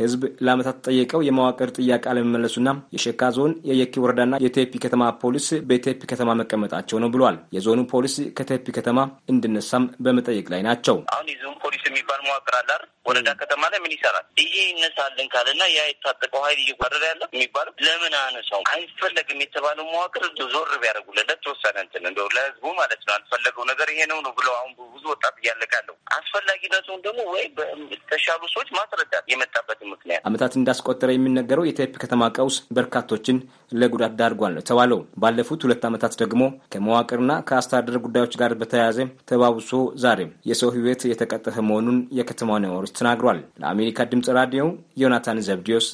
ህዝብ ለዓመታት ጠየቀው የመዋቅር ጥያቄ አለመመለሱና የሸካ ዞን የየኪ ወረዳና የቴፒ ከተማ ፖሊስ በቴፒ ከተማ መቀመጣቸው ነው ብሏል። የዞኑ ፖሊስ ከቴፒ ከተማ እንዲነሳም በመጠየቅ ላይ ናቸው። አሁን የዞን ፖሊስ የሚባል መዋቅር አለ ወረዳ ከተማ ላይ ምን ይሰራል? ይሄ ይነሳልን ካለና ያ የታጠቀው ሀይል እየጓረረ ያለ የሚባለው ለምን አነሳው አይፈለግም የተባለው መዋቅር ዞር ቢያደርጉለት ለተወሰነ እንትን እንደው ለህዝቡ ማለት ነው አልፈለገው ነገር ይሄ ነው ነው ብለው አሁን ብዙ ወጣት እያለቃለሁ አስፈላጊነቱን ደግሞ ወይ በተሻሉ ሰዎች ማስረዳት የመጣበትን ምክንያት አመታት እንዳስቆጠረ የሚነገረው የቴፕ ከተማ ቀውስ በርካቶችን ለጉዳት ዳርጓል ነው ተባለው። ባለፉት ሁለት ዓመታት ደግሞ ከመዋቅርና ከአስተዳደር ጉዳዮች ጋር በተያያዘ ተባብሶ ዛሬም የሰው ህይወት የተቀጠፈ መሆኑን የከተማ ነዋሪዎች ተናግሯል። ለአሜሪካ ድምፅ ራዲዮ ዮናታን ዘብዲዮስ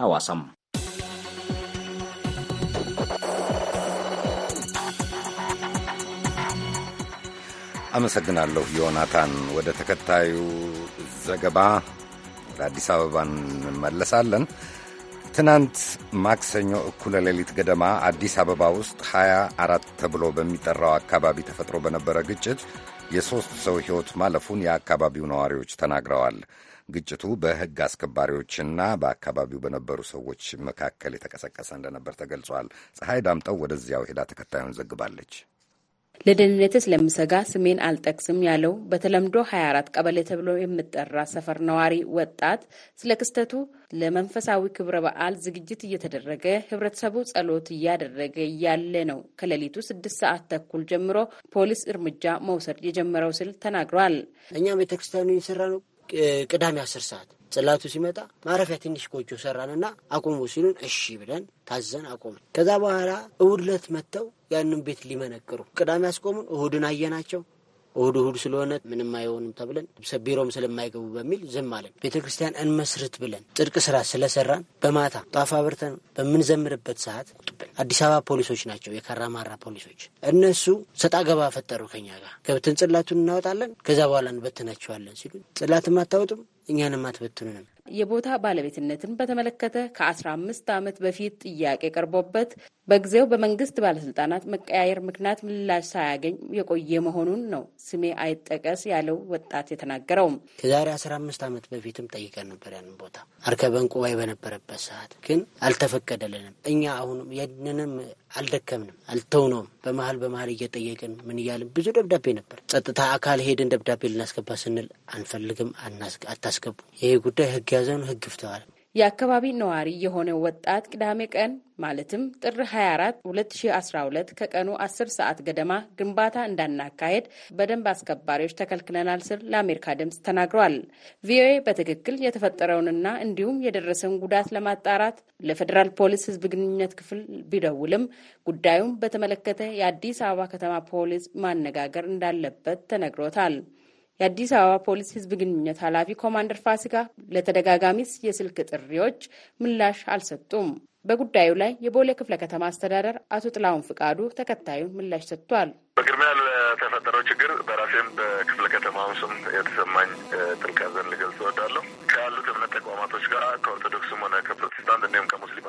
ሐዋሳም አመሰግናለሁ ዮናታን። ወደ ተከታዩ ዘገባ ወደ አዲስ አበባ እንመለሳለን። ትናንት ማክሰኞ እኩለ ሌሊት ገደማ አዲስ አበባ ውስጥ 24 ተብሎ በሚጠራው አካባቢ ተፈጥሮ በነበረ ግጭት የሦስት ሰው ሕይወት ማለፉን የአካባቢው ነዋሪዎች ተናግረዋል። ግጭቱ በሕግ አስከባሪዎችና በአካባቢው በነበሩ ሰዎች መካከል የተቀሰቀሰ እንደነበር ተገልጿል። ፀሐይ ዳምጠው ወደዚያው ሄዳ ተከታዩን ዘግባለች። ለደህንነት ስለምሰጋ ስሜን አልጠቅስም ያለው በተለምዶ 24 ቀበሌ ተብሎ የሚጠራ ሰፈር ነዋሪ ወጣት ስለ ክስተቱ ለመንፈሳዊ ክብረ በዓል ዝግጅት እየተደረገ ህብረተሰቡ ጸሎት እያደረገ እያለ ነው ከሌሊቱ ስድስት ሰዓት ተኩል ጀምሮ ፖሊስ እርምጃ መውሰድ የጀመረው ስል ተናግሯል። እኛ ቤተክርስቲያኑ የሰራ ነው ቅዳሜ አስር ሰዓት ጽላቱ ሲመጣ ማረፊያ ትንሽ ጎጆ ሰራንና አቁሙ ሲሉን እሺ ብለን ታዘን አቆሙ። ከዛ በኋላ እሑድ ዕለት መጥተው ያንን ቤት ሊመነቅሩ ቅዳሜ አስቆሙን። እሁድን አየናቸው። እሁድ እሁድ ስለሆነ ምንም አይሆንም ተብለን ቢሮም ስለማይገቡ በሚል ዝም አለን። ቤተ ክርስቲያን እንመስርት ብለን ጽድቅ ስራ ስለሰራን በማታ ጧፍ አብርተን በምንዘምርበት ሰዓት አዲስ አበባ ፖሊሶች ናቸው፣ የካራማራ ፖሊሶች። እነሱ ሰጣ ገባ ፈጠሩ ከኛ ጋር ገብተን ጽላቱን እናወጣለን፣ ከዛ በኋላ እንበትናቸዋለን ሲሉ ጽላትም አታወጡም እኛንም አትበትኑንም። የቦታ ባለቤትነትን በተመለከተ ከአስራ አምስት ዓመት በፊት ጥያቄ ቀርቦበት በጊዜው በመንግስት ባለስልጣናት መቀያየር ምክንያት ምላሽ ሳያገኝ የቆየ መሆኑን ነው ስሜ አይጠቀስ ያለው ወጣት የተናገረውም። ከዛሬ አስራ አምስት ዓመት በፊትም ጠይቀን ነበር ያንን ቦታ አርከበን ቁባይ በነበረበት ሰዓት ግን አልተፈቀደልንም። እኛ አሁንም ያንንም አልደከምንም፣ አልተውነውም። በመሀል በመሀል እየጠየቅን ምን እያልን ብዙ ደብዳቤ ነበር። ጸጥታ አካል ሄድን ደብዳቤ ልናስገባ ስንል አንፈልግም፣ አታስገቡ፣ ይሄ ጉዳይ ህግ ያዘውን ህግ ፍተዋል። የአካባቢ ነዋሪ የሆነ ወጣት ቅዳሜ ቀን ማለትም ጥር 24 2012 ከቀኑ 10 ሰዓት ገደማ ግንባታ እንዳናካሄድ በደንብ አስከባሪዎች ተከልክለናል ስል ለአሜሪካ ድምፅ ተናግረዋል። ቪኦኤ በትክክል የተፈጠረውንና እንዲሁም የደረሰውን ጉዳት ለማጣራት ለፌዴራል ፖሊስ ሕዝብ ግንኙነት ክፍል ቢደውልም ጉዳዩን በተመለከተ የአዲስ አበባ ከተማ ፖሊስ ማነጋገር እንዳለበት ተነግሮታል። የአዲስ አበባ ፖሊስ ህዝብ ግንኙነት ኃላፊ ኮማንደር ፋሲካ ለተደጋጋሚ የስልክ ጥሪዎች ምላሽ አልሰጡም። በጉዳዩ ላይ የቦሌ ክፍለ ከተማ አስተዳደር አቶ ጥላሁን ፍቃዱ ተከታዩን ምላሽ ሰጥቷል። በቅድሚያ ለተፈጠረው ችግር በራሴም በክፍለ ከተማ ስም የተሰማኝ ጥልቅ ሐዘን ልገልጽ እወዳለሁ። ከያሉት እምነት ተቋማቶች ጋር ከኦርቶዶክስም ሆነ ከፕሮቴስታንት እንዲሁም ከሙስሊም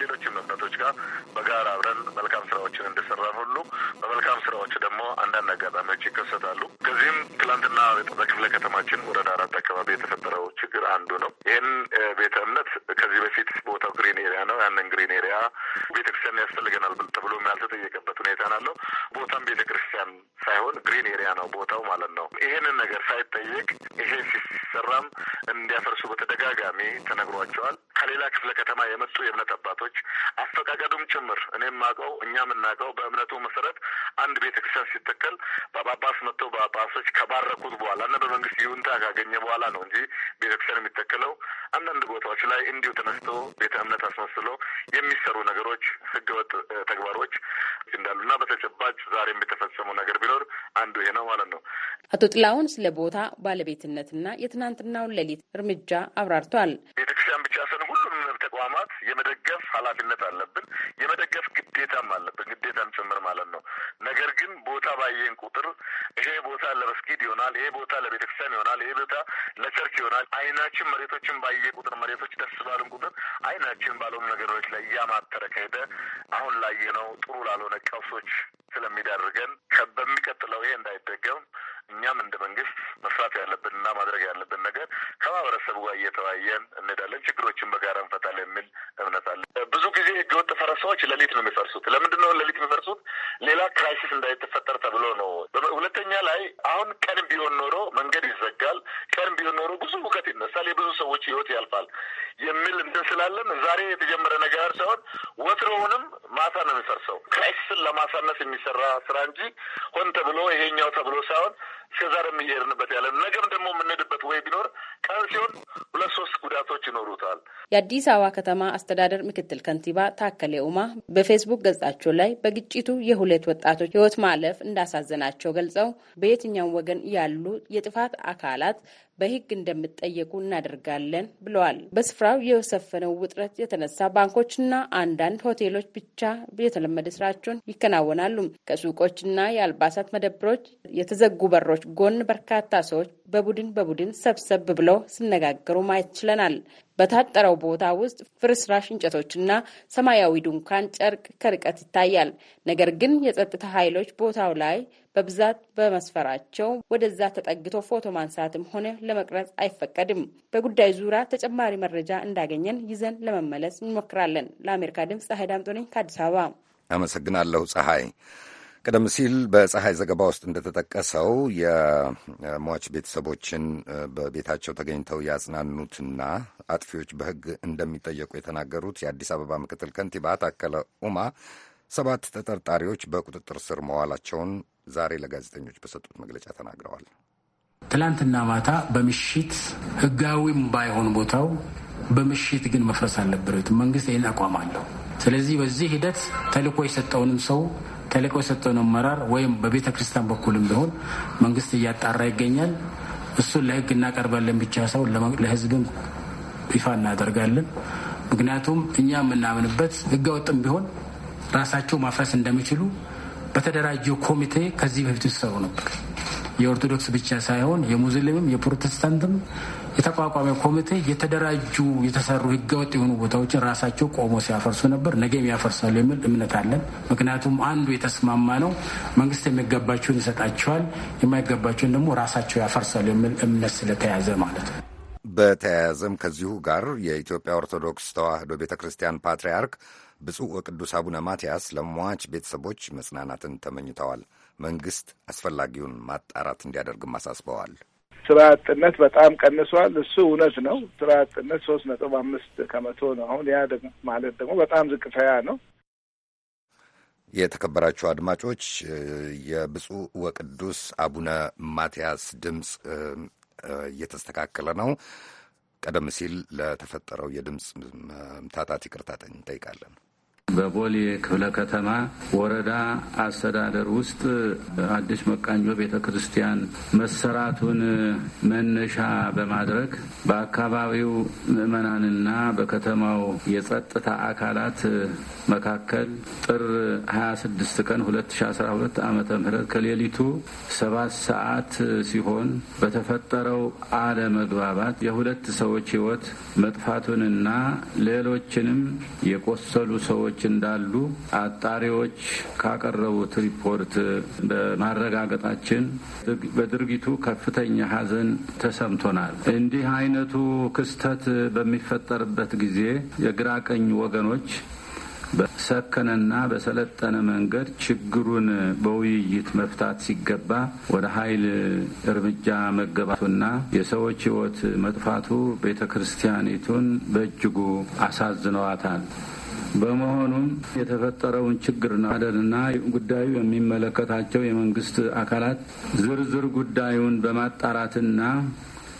ሌሎችም እምነቶች ጋር በጋራ አብረን መልካም ስራዎችን እንደሰራን ሁሉ በመልካም ስራዎች ደግሞ አንዳንድ አጋጣሚዎች ይከሰታሉ። ከዚህም ትላንትና በክፍለ ከተማችን ወረዳ አራት አካባቢ የተፈጠረው ችግር አንዱ ነው። ይህን ቤተ እምነት ከዚህ በፊት ቦታው ግሪን ኤሪያ ነው። ያንን ግሪን ኤሪያ ቤተክርስቲያን ያስፈልገናል ተብሎ ያልተጠየቀበት ሁኔታ ናለው። ቦታም ቤተክርስቲያን ሳይሆን ግሪን ኤሪያ ነው ቦታው ማለት ነው። ይህንን ነገር ሳይጠየቅ ይሄ ሲሰራም እንዲያፈርሱ በተደጋጋሚ ተነግሯቸዋል። ከሌላ ክፍለ ከተማ የመጡ የእምነት አባቶች አፈቃቀዱም ጭምር እኔ ማቀው እኛ የምናውቀው በእምነቱ መሰረት አንድ ቤተ ክርስቲያን ሲተከል በጳጳስ መጥቶ ጳጳሶች ከባረኩት በኋላ እና በመንግስት ይሁንታ ካገኘ በኋላ ነው እንጂ ቤተ ክርስቲያን የሚተከለው። አንዳንድ ቦታዎች ላይ እንዲሁ ተነስቶ ቤተ እምነት አስመስሎ የሚሰሩ ነገሮች፣ ህገወጥ ተግባሮች እንዳሉና በተጨባጭ ዛሬ የተፈጸሙ ነገር ቢኖር አንዱ ይሄ ነው ማለት ነው። አቶ ጥላሁን ስለ ቦታ ባለቤትነትና የትናንትናውን ሌሊት እርምጃ አብራርቷል። ቤተክርስቲያን ብቻ ስን ሁሉንም ተቋማት የመደገፍ ኃላፊነት አለብን። የመደገፍ ግዴታም አለብን፣ ግዴታም ጭምር ማለት ነው። ነገር ግን ቦታ ባየን ቁጥር ይሄ ቦታ ለመስጊድ ይሆናል፣ ይሄ ቦታ ለቤተክርስቲያን ይሆናል፣ ይሄ ቦታ ለቸርች ይሆናል። አይናችን መሬቶችን ባየ ቁጥር መሬቶች ደስ ባሉን ቁጥር አይናችን ባልሆኑ ነገሮች ላይ እያማተረ ከሄደ አሁን ላየ ነው ጥሩ ላልሆነ ቀውሶች ስለሚዳርገን በሚቀጥለው ይሄ እንዳይደገም እኛም እንደ መንግስት መስራት ያለብን እና ማድረግ ያለብን ነገር ከማህበረሰቡ ጋር እየተወያየን እንሄዳለን፣ ችግሮችን በጋራ እንፈታለን የሚል እምነት አለ። ብዙ ጊዜ ህገወጥ ፈረሳዎች ሌሊት ነው የሚፈርሱት። ለምንድን ነው ሌሊት የሚፈርሱት? ሌላ ክራይሲስ እንዳይተፈጠር ተብሎ ነው። ሁለተኛ ላይ አሁን ቀን ቢሆን ኖሮ መንገድ ይዘጋል፣ ቀን ቢሆን ኖሮ ብዙ ሁከት ይነሳል፣ የብዙ ሰዎች ህይወት ያልፋል የሚል እንትን ስላለን ዛሬ የተጀመረ ነገር ሳይሆን ወትሮውንም ማታ ነው የሚፈርሰው። ክራይሲስን ለማሳነስ የሚሰራ ስራ እንጂ ሆን ተብሎ ይሄኛው ተብሎ ሳይሆን እስከዛሬ የምንሄድንበት ያለ ነገም ደግሞ የምንሄድበት ወይ ቢኖር ቀን ሲሆን ሁለት ሶስት ጉዳቶች ይኖሩታል። የአዲስ አበባ ከተማ አስተዳደር ምክትል ከንቲባ ታከሌ ኡማ በፌስቡክ ገጻቸው ላይ በግጭቱ የሁለት ወጣቶች ሕይወት ማለፍ እንዳሳዘናቸው ገልጸው በየትኛውም ወገን ያሉ የጥፋት አካላት በሕግ እንደምጠየቁ እናደርጋለን ብለዋል። በስፍራው የሰፈነው ውጥረት የተነሳ ባንኮችና አንዳንድ ሆቴሎች ብቻ የተለመደ ስራቸውን ይከናወናሉ። ከሱቆችና የአልባሳት መደብሮች የተዘጉ በሮች ጎን በርካታ ሰዎች በቡድን በቡድን ሰብሰብ ብለው ሲነጋገሩ ማየት ችለናል። በታጠረው ቦታ ውስጥ ፍርስራሽ እንጨቶችና ሰማያዊ ድንኳን ጨርቅ ከርቀት ይታያል። ነገር ግን የጸጥታ ኃይሎች ቦታው ላይ በብዛት በመስፈራቸው ወደዛ ተጠግቶ ፎቶ ማንሳትም ሆነ ለመቅረጽ አይፈቀድም። በጉዳዩ ዙሪያ ተጨማሪ መረጃ እንዳገኘን ይዘን ለመመለስ እንሞክራለን። ለአሜሪካ ድምፅ ፀሐይ ዳምጦ ነኝ ከአዲስ አበባ አመሰግናለሁ። ፀሐይ ቀደም ሲል በፀሐይ ዘገባ ውስጥ እንደተጠቀሰው የሟች ቤተሰቦችን በቤታቸው ተገኝተው ያጽናኑትና አጥፊዎች በሕግ እንደሚጠየቁ የተናገሩት የአዲስ አበባ ምክትል ከንቲባ ታከለ ኡማ ሰባት ተጠርጣሪዎች በቁጥጥር ስር መዋላቸውን ዛሬ ለጋዜጠኞች በሰጡት መግለጫ ተናግረዋል። ትላንትና ማታ በምሽት ህጋዊም ባይሆን ቦታው በምሽት ግን መፍረስ አልነበረት። መንግስት ይህን አቋም አለው። ስለዚህ በዚህ ሂደት ተልእኮ የሰጠውንም ሰው ተልእኮ የሰጠውን አመራር ወይም በቤተ ክርስቲያን በኩልም ቢሆን መንግስት እያጣራ ይገኛል። እሱን ለህግ እናቀርባለን ብቻ ሰው ለህዝብም ይፋ እናደርጋለን። ምክንያቱም እኛ የምናምንበት ህገ ወጥም ቢሆን ራሳቸው ማፍረስ እንደሚችሉ በተደራጀው ኮሚቴ ከዚህ በፊት ይሰሩ ነበር። የኦርቶዶክስ ብቻ ሳይሆን የሙስሊምም የፕሮቴስታንትም የተቋቋመ ኮሚቴ የተደራጁ የተሰሩ ህገወጥ የሆኑ ቦታዎችን ራሳቸው ቆሞ ሲያፈርሱ ነበር። ነገም ያፈርሳሉ የሚል እምነት አለን። ምክንያቱም አንዱ የተስማማ ነው። መንግስት የሚገባቸውን ይሰጣቸዋል፣ የማይገባቸውን ደግሞ ራሳቸው ያፈርሳሉ የሚል እምነት ስለተያዘ ማለት ነው። በተያያዘም ከዚሁ ጋር የኢትዮጵያ ኦርቶዶክስ ተዋህዶ ቤተ ክርስቲያን ፓትርያርክ ብፁዕ ወቅዱስ አቡነ ማትያስ ለሟች ቤተሰቦች መጽናናትን ተመኝተዋል። መንግስት አስፈላጊውን ማጣራት እንዲያደርግም አሳስበዋል። ስራ አጥነት በጣም ቀንሷል። እሱ እውነት ነው። ስራ አጥነት ሶስት ነጥብ አምስት ከመቶ ነው አሁን። ያ ማለት ደግሞ በጣም ዝቅተኛ ነው። የተከበራችሁ አድማጮች የብፁዕ ወቅዱስ አቡነ ማትያስ ድምፅ እየተስተካከለ ነው። ቀደም ሲል ለተፈጠረው የድምፅ መምታታት ይቅርታ እንጠይቃለን። በቦሌ ክፍለ ከተማ ወረዳ አስተዳደር ውስጥ አዲስ መቃኞ ቤተ ክርስቲያን መሰራቱን መነሻ በማድረግ በአካባቢው ምዕመናንና በከተማው የጸጥታ አካላት መካከል ጥር 26 ቀን 2012 ዓ ም ከሌሊቱ ሰባት ሰዓት ሲሆን በተፈጠረው አለመግባባት የሁለት ሰዎች ሕይወት መጥፋቱንና ሌሎችንም የቆሰሉ ሰዎች ችግሮች እንዳሉ አጣሪዎች ካቀረቡት ሪፖርት በማረጋገጣችን በድርጊቱ ከፍተኛ ሐዘን ተሰምቶናል። እንዲህ አይነቱ ክስተት በሚፈጠርበት ጊዜ የግራ ቀኝ ወገኖች በሰከነና በሰለጠነ መንገድ ችግሩን በውይይት መፍታት ሲገባ ወደ ኃይል እርምጃ መገባቱና የሰዎች ሕይወት መጥፋቱ ቤተ ክርስቲያኒቱን በእጅጉ አሳዝነዋታል። በመሆኑም የተፈጠረውን ችግር ማደንና ጉዳዩ የሚመለከታቸው የመንግስት አካላት ዝርዝር ጉዳዩን በማጣራትና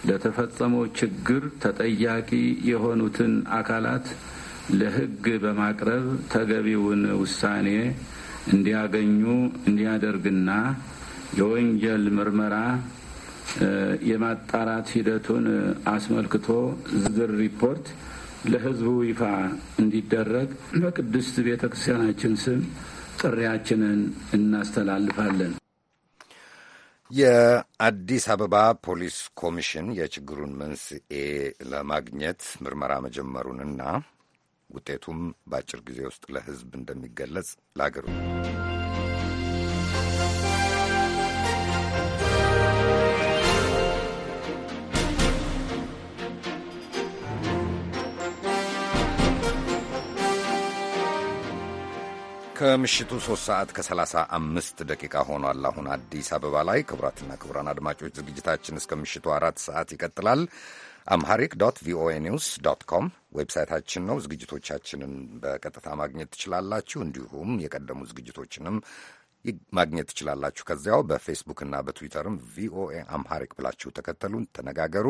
ለተፈጸመው ችግር ተጠያቂ የሆኑትን አካላት ለሕግ በማቅረብ ተገቢውን ውሳኔ እንዲያገኙ እንዲያደርግና የወንጀል ምርመራ የማጣራት ሂደቱን አስመልክቶ ዝርዝር ሪፖርት ለሕዝቡ ይፋ እንዲደረግ በቅድስት ቤተ ክርስቲያናችን ስም ጥሪያችንን እናስተላልፋለን። የአዲስ አበባ ፖሊስ ኮሚሽን የችግሩን መንስኤ ለማግኘት ምርመራ መጀመሩንና ውጤቱም በአጭር ጊዜ ውስጥ ለሕዝብ እንደሚገለጽ ለአገሩ ከምሽቱ 3 ሰዓት ከ35 ደቂቃ ሆኗል። አሁን አዲስ አበባ ላይ ክቡራትና ክቡራን አድማጮች ዝግጅታችን እስከ ምሽቱ አራት ሰዓት ይቀጥላል። አምሃሪክ ዶት ቪኦኤ ኒውስ ዶት ኮም ዌብሳይታችን ነው። ዝግጅቶቻችንን በቀጥታ ማግኘት ትችላላችሁ። እንዲሁም የቀደሙ ዝግጅቶችንም ማግኘት ትችላላችሁ። ከዚያው በፌስቡክና በትዊተርም ቪኦኤ አምሃሪክ ብላችሁ ተከተሉን፣ ተነጋገሩ።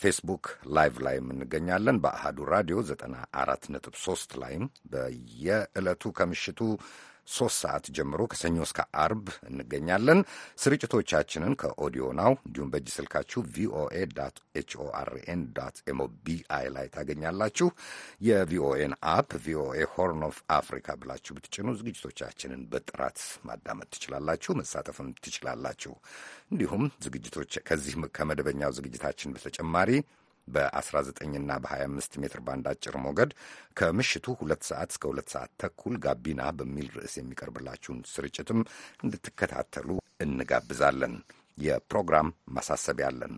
ፌስቡክ ላይቭ ላይም እንገኛለን። በአሃዱ ራዲዮ 94.3 ላይም በየዕለቱ ከምሽቱ ሶስት ሰዓት ጀምሮ ከሰኞ እስከ አርብ እንገኛለን። ስርጭቶቻችንን ከኦዲዮ ናው እንዲሁም በእጅ ስልካችሁ ቪኦኤ ኤችኦአርኤን ኤምኦቢአይ ላይ ታገኛላችሁ። የቪኦኤን አፕ ቪኦኤ ሆርን ኦፍ አፍሪካ ብላችሁ ብትጭኑ ዝግጅቶቻችንን በጥራት ማዳመጥ ትችላላችሁ፣ መሳተፍም ትችላላችሁ። እንዲሁም ዝግጅቶች ከዚህ ከመደበኛው ዝግጅታችን በተጨማሪ በ19ና በ25 ሜትር ባንድ አጭር ሞገድ ከምሽቱ ሁለት ሰዓት እስከ ሁለት ሰዓት ተኩል ጋቢና በሚል ርዕስ የሚቀርብላችሁን ስርጭትም እንድትከታተሉ እንጋብዛለን። የፕሮግራም ማሳሰቢያ አለን።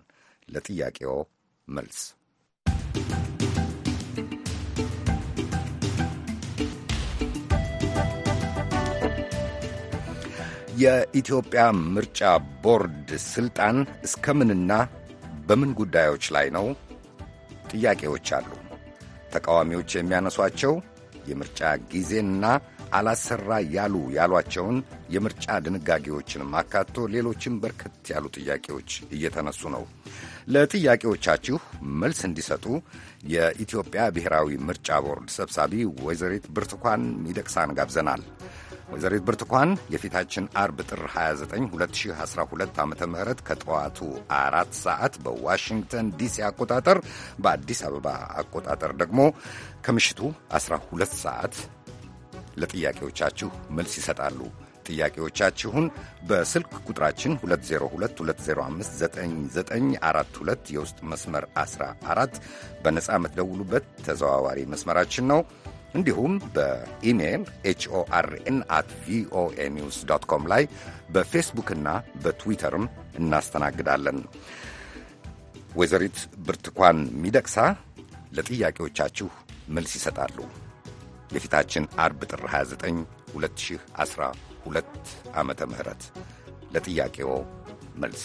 ለጥያቄዎ መልስ የኢትዮጵያ ምርጫ ቦርድ ስልጣን እስከምንና በምን ጉዳዮች ላይ ነው? ጥያቄዎች አሉ። ተቃዋሚዎች የሚያነሷቸው የምርጫ ጊዜና አላሰራ ያሉ ያሏቸውን የምርጫ ድንጋጌዎችንም አካቶ ሌሎችም በርከት ያሉ ጥያቄዎች እየተነሱ ነው። ለጥያቄዎቻችሁ መልስ እንዲሰጡ የኢትዮጵያ ብሔራዊ ምርጫ ቦርድ ሰብሳቢ ወይዘሪት ብርቱካን ሚደቅሳን ጋብዘናል። ወይዘሪት ብርቱካን የፊታችን አርብ ጥር 29 2012 ዓ ም ከጠዋቱ አራት ሰዓት በዋሽንግተን ዲሲ አቆጣጠር በአዲስ አበባ አቆጣጠር ደግሞ ከምሽቱ 12 ሰዓት ለጥያቄዎቻችሁ መልስ ይሰጣሉ። ጥያቄዎቻችሁን በስልክ ቁጥራችን 2022059942 የውስጥ መስመር 14 በነጻ የምትደውሉበት ተዘዋዋሪ መስመራችን ነው። እንዲሁም በኢሜይል ኤችኦአርኤን አት ቪኦኤ ኒውስ ዶት ኮም ላይ በፌስቡክና በትዊተርም እናስተናግዳለን። ወይዘሪት ብርቱካን ሚደቅሳ ለጥያቄዎቻችሁ መልስ ይሰጣሉ። የፊታችን አርብ ጥር 29 2012 ዓመተ ምህረት ለጥያቄዎ መልስ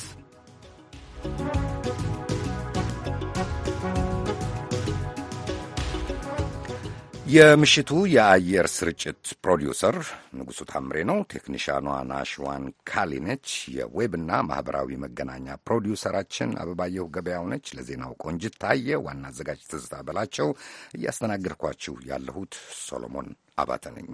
የምሽቱ የአየር ስርጭት ፕሮዲውሰር ንጉሡ ታምሬ ነው። ቴክኒሻኗ ናሽዋን ካሊነች። የዌብና ማኅበራዊ መገናኛ ፕሮዲውሰራችን አበባየሁ ገበያው ነች። ለዜናው ቆንጅት ታየ፣ ዋና አዘጋጅ ትዝታ በላቸው። እያስተናገድኳችሁ ያለሁት ሶሎሞን አባተ ነኝ።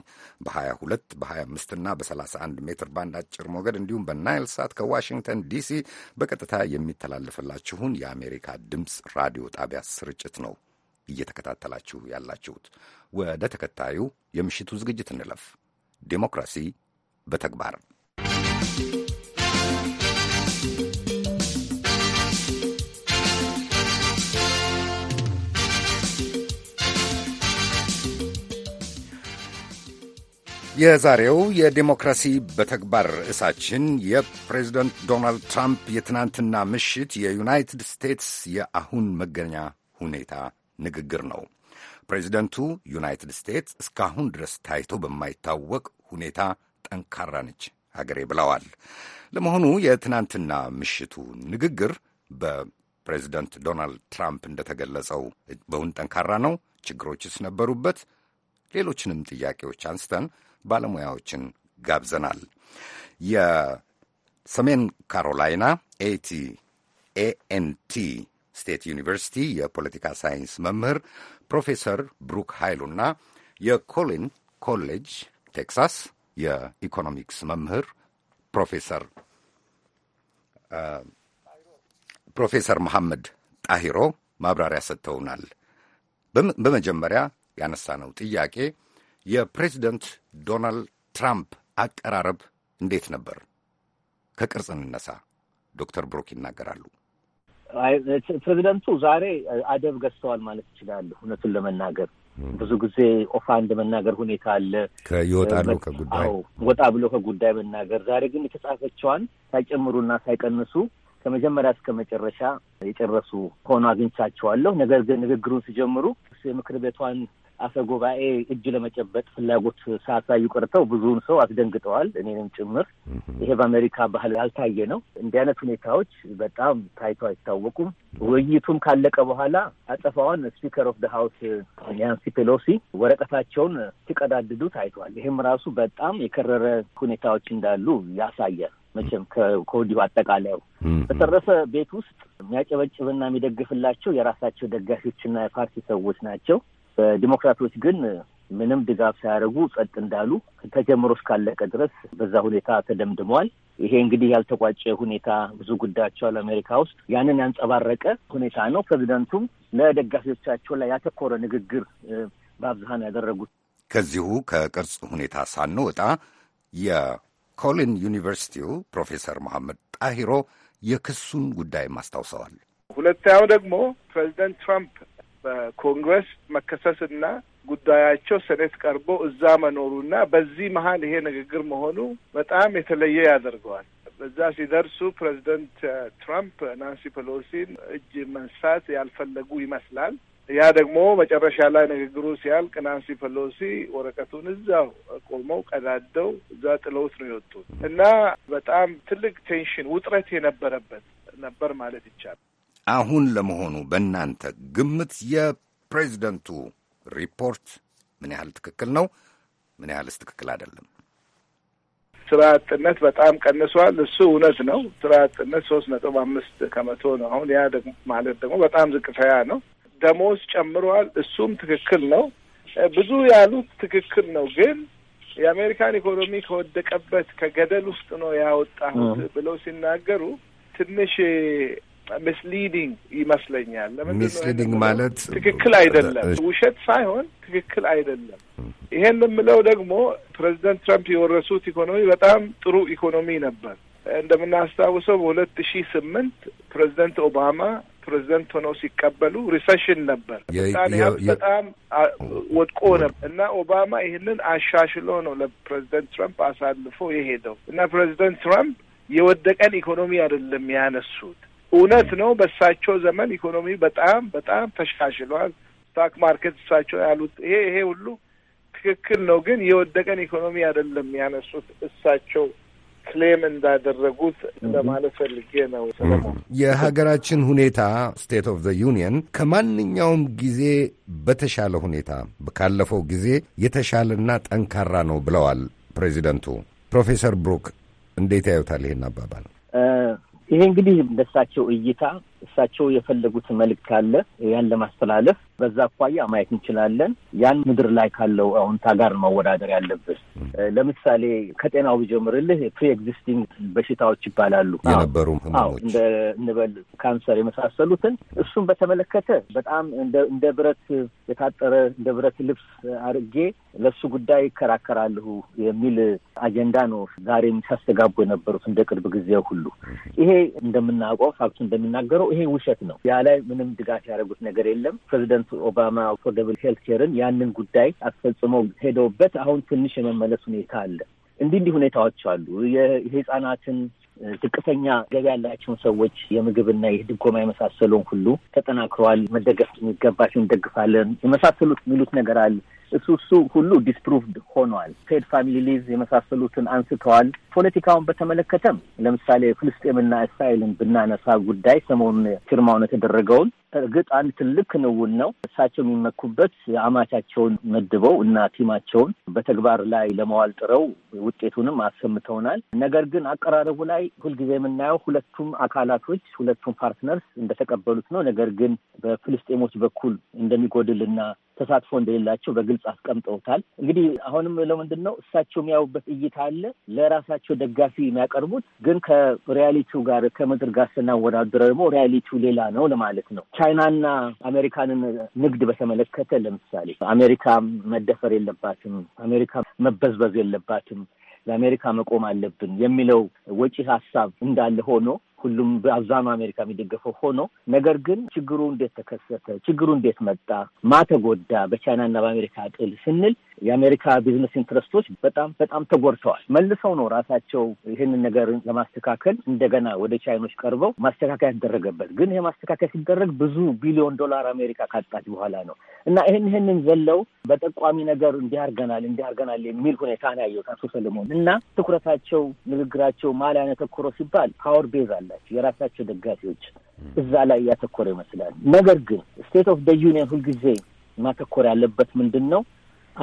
በ22 በ25 እና በ31 ሜትር ባንድ አጭር ሞገድ እንዲሁም በናይል ሳት ከዋሽንግተን ዲሲ በቀጥታ የሚተላለፍላችሁን የአሜሪካ ድምፅ ራዲዮ ጣቢያ ስርጭት ነው እየተከታተላችሁ ያላችሁት። ወደ ተከታዩ የምሽቱ ዝግጅት እንለፍ። ዴሞክራሲ በተግባር የዛሬው የዴሞክራሲ በተግባር ርዕሳችን የፕሬዚደንት ዶናልድ ትራምፕ የትናንትና ምሽት የዩናይትድ ስቴትስ የአሁን መገኛ ሁኔታ ንግግር ነው። ፕሬዚደንቱ ዩናይትድ ስቴትስ እስካሁን ድረስ ታይቶ በማይታወቅ ሁኔታ ጠንካራ ነች ሀገሬ ብለዋል። ለመሆኑ የትናንትና ምሽቱ ንግግር በፕሬዚደንት ዶናልድ ትራምፕ እንደተገለጸው በውን ጠንካራ ነው? ችግሮችስ ነበሩበት? ሌሎችንም ጥያቄዎች አንስተን ባለሙያዎችን ጋብዘናል። የሰሜን ካሮላይና ኤቲ ኤኤንቲ ስቴት ዩኒቨርሲቲ የፖለቲካ ሳይንስ መምህር ፕሮፌሰር ብሩክ ኃይሉና የኮሊን ኮሌጅ ቴክሳስ የኢኮኖሚክስ መምህር ፕሮፌሰር ፕሮፌሰር መሐመድ ጣሂሮ ማብራሪያ ሰጥተውናል። በመጀመሪያ ያነሳነው ጥያቄ የፕሬዚደንት ዶናልድ ትራምፕ አቀራረብ እንዴት ነበር? ከቅርጽ እንነሳ። ዶክተር ብሩክ ይናገራሉ። ፕሬዚደንቱ ዛሬ አደብ ገዝተዋል ማለት እችላለሁ። እውነቱን ለመናገር ብዙ ጊዜ እንደ መናገር ሁኔታ አለ፣ ይወጣሉ ከጉዳይ ወጣ ብሎ ከጉዳይ መናገር። ዛሬ ግን የተጻፈችዋን ሳይጨምሩና ሳይቀንሱ ከመጀመሪያ እስከ መጨረሻ የጨረሱ ሆኖ አግኝቻቸዋለሁ። ነገር ግን ንግግሩን ሲጀምሩ የምክር ቤቷን አፈ ጉባኤ እጅ ለመጨበጥ ፍላጎት ሳያሳዩ ቀርተው ብዙውን ሰው አስደንግጠዋል፣ እኔንም ጭምር። ይሄ በአሜሪካ ባህል ያልታየ ነው። እንዲህ አይነት ሁኔታዎች በጣም ታይቶ አይታወቁም። ውይይቱም ካለቀ በኋላ አጸፋዋን ስፒከር ኦፍ ደ ሀውስ ናንሲ ፔሎሲ ወረቀታቸውን ሲቀዳድዱ ታይቷል። ይህም ራሱ በጣም የከረረ ሁኔታዎች እንዳሉ ያሳያል። መቼም ከወዲሁ አጠቃላዩ በተረፈ ቤት ውስጥ የሚያጨበጭብና የሚደግፍላቸው የራሳቸው ደጋፊዎችና የፓርቲ ሰዎች ናቸው። ዲሞክራቶች ግን ምንም ድጋፍ ሳያደርጉ ጸጥ እንዳሉ ተጀምሮ እስካለቀ ድረስ በዛ ሁኔታ ተደምድመዋል። ይሄ እንግዲህ ያልተቋጨ ሁኔታ ብዙ ጉዳያቸው አሜሪካ ውስጥ ያንን ያንጸባረቀ ሁኔታ ነው። ፕሬዚደንቱም ለደጋፊዎቻቸው ላይ ያተኮረ ንግግር በአብዛን ያደረጉት። ከዚሁ ከቅርጽ ሁኔታ ሳንወጣ የኮሊን ዩኒቨርሲቲው ፕሮፌሰር መሐመድ ጣሂሮ የክሱን ጉዳይም አስታውሰዋል። ሁለተኛው ደግሞ ፕሬዚደንት ትራምፕ በኮንግረስ መከሰስና ጉዳያቸው ሴኔት ቀርቦ እዛ መኖሩና በዚህ መሀል ይሄ ንግግር መሆኑ በጣም የተለየ ያደርገዋል። በዛ ሲደርሱ ፕሬዚደንት ትራምፕ ናንሲ ፔሎሲን እጅ መንሳት ያልፈለጉ ይመስላል። ያ ደግሞ መጨረሻ ላይ ንግግሩ ሲያልቅ ናንሲ ፔሎሲ ወረቀቱን እዛው ቆመው ቀዳደው እዛ ጥለውት ነው የወጡት እና በጣም ትልቅ ቴንሽን ውጥረት የነበረበት ነበር ማለት ይቻላል። አሁን ለመሆኑ በእናንተ ግምት የፕሬዚደንቱ ሪፖርት ምን ያህል ትክክል ነው? ምን ያህልስ ትክክል አይደለም? ስራ አጥነት በጣም ቀንሷል። እሱ እውነት ነው። ስራ አጥነት ሶስት ነጥብ አምስት ከመቶ ነው አሁን። ያ ደግሞ ማለት ደግሞ በጣም ዝቅተኛ ነው። ደሞዝ ጨምሯል። እሱም ትክክል ነው። ብዙ ያሉት ትክክል ነው። ግን የአሜሪካን ኢኮኖሚ ከወደቀበት ከገደል ውስጥ ነው ያወጣሁት ብለው ሲናገሩ ትንሽ ሚስሊዲንግ ይመስለኛል። ሚስሊዲንግ ማለት ትክክል አይደለም፣ ውሸት ሳይሆን ትክክል አይደለም። ይሄን የምለው ደግሞ ፕሬዚደንት ትራምፕ የወረሱት ኢኮኖሚ በጣም ጥሩ ኢኮኖሚ ነበር። እንደምናስታውሰው በሁለት ሺ ስምንት ፕሬዚደንት ኦባማ ፕሬዚደንት ሆነው ሲቀበሉ ሪሰሽን ነበር፣ በጣም ወድቆ ነበር እና ኦባማ ይህንን አሻሽሎ ነው ለፕሬዚደንት ትራምፕ አሳልፎ የሄደው እና ፕሬዚደንት ትራምፕ የወደቀን ኢኮኖሚ አይደለም ያነሱት እውነት ነው። በእሳቸው ዘመን ኢኮኖሚ በጣም በጣም ተሻሽሏል። ስታክ ማርኬት እሳቸው ያሉት ይሄ ይሄ ሁሉ ትክክል ነው። ግን የወደቀን ኢኮኖሚ አይደለም ያነሱት እሳቸው ክሌም እንዳደረጉት ለማለት ፈልጌ ነው። የሀገራችን ሁኔታ ስቴት ኦፍ ዘ ዩኒየን ከማንኛውም ጊዜ በተሻለ ሁኔታ ካለፈው ጊዜ የተሻለና ጠንካራ ነው ብለዋል ፕሬዚደንቱ። ፕሮፌሰር ብሩክ እንዴት ያዩታል ይሄን አባባል? ይሄ እንግዲህ እንደሳቸው እይታ እሳቸው የፈለጉት መልእክት አለ ያን ለማስተላለፍ በዛ አኳያ ማየት እንችላለን። ያን ምድር ላይ ካለው አሁንታ ጋር መወዳደር ያለብን። ለምሳሌ ከጤናው ቢጀምርልህ ፕሪ ኤግዚስቲንግ በሽታዎች ይባላሉ የነበሩ እንደ እንበል ካንሰር የመሳሰሉትን እሱን በተመለከተ በጣም እንደ ብረት የታጠረ እንደ ብረት ልብስ አድርጌ ለእሱ ጉዳይ ይከራከራልሁ የሚል አጀንዳ ነው ዛሬም ሲያስተጋቡ የነበሩት እንደ ቅርብ ጊዜ ሁሉ። ይሄ እንደምናውቀው ፋክቱ እንደሚናገረው ይሄ ውሸት ነው። ያ ላይ ምንም ድጋፍ ያደረጉት ነገር የለም። ፕሬዚደንት ኦባማ አፎርደብል ሄልት ኬርን ያንን ጉዳይ አስፈጽመው ሄደውበት አሁን ትንሽ የመመለስ ሁኔታ አለ። እንዲህ እንዲህ ሁኔታዎች አሉ። የህጻናትን ዝቅተኛ ገቢ ያላቸውን ሰዎች የምግብና ይህ ድጎማ የመሳሰለውን ሁሉ ተጠናክረዋል። መደገፍ የሚገባቸው እንደግፋለን የመሳሰሉት የሚሉት ነገር አለ። እሱ እሱ ሁሉ ዲስፕሩቭድ ሆኗል። ፔድ ፋሚሊ ሊዝ የመሳሰሉትን አንስተዋል። ፖለቲካውን በተመለከተም ለምሳሌ ፍልስጤምና እስራኤልን ብናነሳ ጉዳይ ሰሞኑን ፊርማውን የተደረገውን እርግጥ አንድ ትልቅ ክንውን ነው። እሳቸው የሚመኩበት አማቻቸውን መድበው እና ቲማቸውን በተግባር ላይ ለመዋል ጥረው ውጤቱንም አሰምተውናል። ነገር ግን አቀራረቡ ላይ ሁልጊዜ የምናየው ሁለቱም አካላቶች ሁለቱም ፓርትነርስ እንደተቀበሉት ነው። ነገር ግን በፍልስጤሞች በኩል እንደሚጎድልና ተሳትፎ እንደሌላቸው በግልጽ አስቀምጠውታል። እንግዲህ አሁንም ለምንድን ነው እሳቸው የሚያዩበት እይታ አለ ለራሳቸው ደጋፊ የሚያቀርቡት ግን ከሪያሊቲው ጋር ከምድር ጋር ስናወዳድረ ደግሞ ሪያሊቲው ሌላ ነው ለማለት ነው። ቻይናና አሜሪካንን ንግድ በተመለከተ ለምሳሌ አሜሪካ መደፈር የለባትም፣ አሜሪካ መበዝበዝ የለባትም፣ ለአሜሪካ መቆም አለብን የሚለው ወጪ ሀሳብ እንዳለ ሆኖ ሁሉም በአብዛኛው አሜሪካ የሚደገፈው ሆኖ ነገር ግን ችግሩ እንዴት ተከሰተ፣ ችግሩ እንዴት መጣ፣ ማተጎዳ በቻይና በቻይናና በአሜሪካ ጥል ስንል የአሜሪካ ቢዝነስ ኢንትረስቶች በጣም በጣም ተጎድተዋል። መልሰው ነው ራሳቸው ይህንን ነገር ለማስተካከል እንደገና ወደ ቻይኖች ቀርበው ማስተካከያ ያደረገበት። ግን ይሄ ማስተካከያ ሲደረግ ብዙ ቢሊዮን ዶላር አሜሪካ ካጣች በኋላ ነው እና ይህን ይህንን ዘለው በጠቋሚ ነገር እንዲያርገናል እንዲያርገናል የሚል ሁኔታ ነው ያየው አቶ ሰለሞን እና ትኩረታቸው ንግግራቸው ማን ላይ ያነተኮረ ሲባል ፓወር ቤዝ አለ አላቸው፣ የራሳቸው ደጋፊዎች እዛ ላይ ያተኮረ ይመስላል። ነገር ግን ስቴት ኦፍ ደ ዩኒየን ሁልጊዜ ማተኮር ያለበት ምንድን ነው?